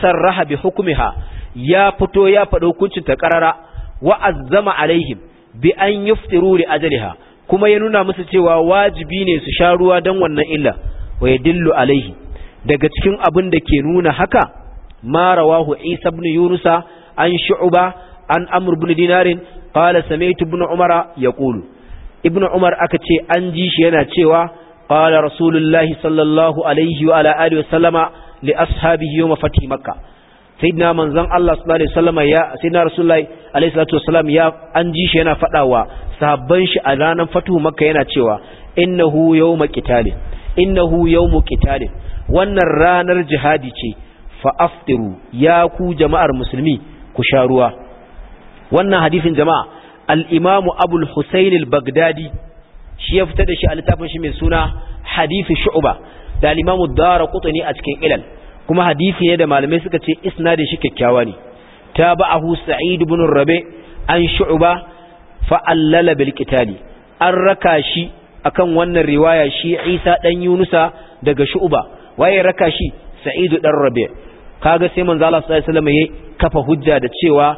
sarraha bi hukmiha ya fito ya faɗo hukuncin ta karara wa azzama alaihim yi an yuftiru li ajliha kuma ya nuna musu cewa wajibi ne su sha ruwa dan wannan illa wa dillu alaihi daga cikin abin da ke nuna haka marawahu rawahu Isa Yunusa an Shu'ba an Amr ibn Dinarin qala sami'tu ibn Umara yaqulu ibn Umar aka ce an ji shi yana cewa قال رسول الله صلى الله عليه وعلى آله وسلم لأصحابه يوم فتح مكة سيدنا من زن الله صلى الله عليه وسلم يا سيدنا رسول الله عليه الصلاة والسلام يا أنجيش ينا فتاوى shi a ranar fatuhu makka yana cewa innahu yawma qitalin innahu yawmu qitalin wannan ranar jihadi ce fa aftiru ya ku jama'ar musulmi ku sha ruwa wannan hadisin jama'a al-imam abul shi ya fita da shi a littafin shi mai suna hadithu shu'ba da al-imamu daraqutni a cikin ilal kuma hadisi ne da malamai suka ce isnadin shi kyakkyawa ne tabahu sa'id ibn rabi an shu'ba fa bil an raka shi akan wannan riwaya shi Isa dan Yunusa daga shu'ba waye raka shi sa'id dan rabi kaga sai manzo Allah sallallahu alaihi wasallam ya kafa hujja da cewa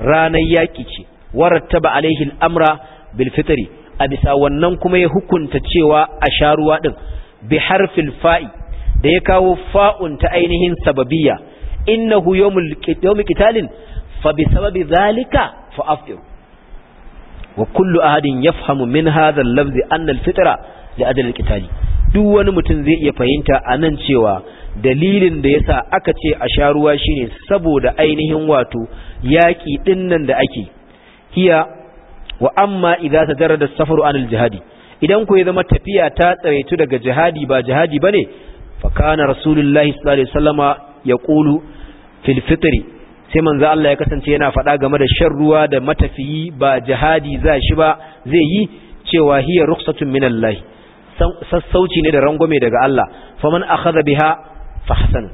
ranar yaki ce warattaba alaihi al-amra bil fitri a bisa wannan kuma ya hukunta cewa a sharuwa ruwa din bi harfil fa'i da ya kawo fa'un ta ainihin sababiyya innahu yawmul yawmi qitalin fa bi sababi zalika fa afdir wa kullu ahadin yafhamu min hadha al-lafz anna al-fitra li adal al duk wani mutum zai iya fahimta anan cewa dalilin da yasa aka ce a sharuwa shine saboda ainihin wato yaki dinnan da ake hiya wa amma idza tajarrada as-safaru anil jihadi idan ku ya zama tafiya ta tsaraitu daga jihadi ba jihadi bane fa kana rasulullahi sallallahu alaihi wasallama yaqulu fil fitri sai manzo Allah ya kasance yana faɗa game da shan ruwa da matafiyi ba jihadi za shi ba zai yi cewa hiya rukhsatun minallahi sassauci ne da rangwame daga Allah faman akhadha biha fahsan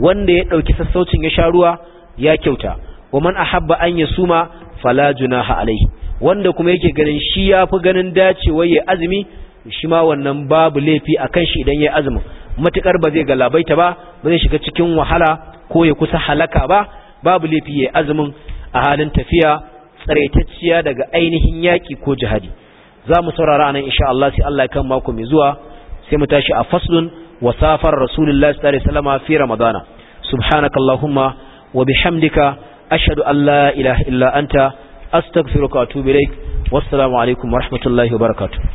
wanda ya dauki sassaucin ya sha ruwa ya kyauta wa man ahabba an yasuma fala junaha alaihi wanda kuma yake ganin shi ya fi ganin dacewa ya azumi shi ma wannan babu laifi a kan shi idan ya azumi matukar ba zai galabaita ba ba zai shiga cikin wahala ko ya kusa halaka ba babu laifi ya azumin a halin tafiya tsaraitacciya daga ainihin yaƙi ko jihadi za mu saurara nan insha Allah sai Allah ya kan mako mai zuwa sai mu tashi a faslun wa safar rasulullahi sallallahu alaihi wasallam fi ramadana subhanakallahumma wa bihamdika ashhadu an la ilaha illa anta astaghfiruka wa atubu ilaik wassalamu alaikum warahmatullahi wabarakatuh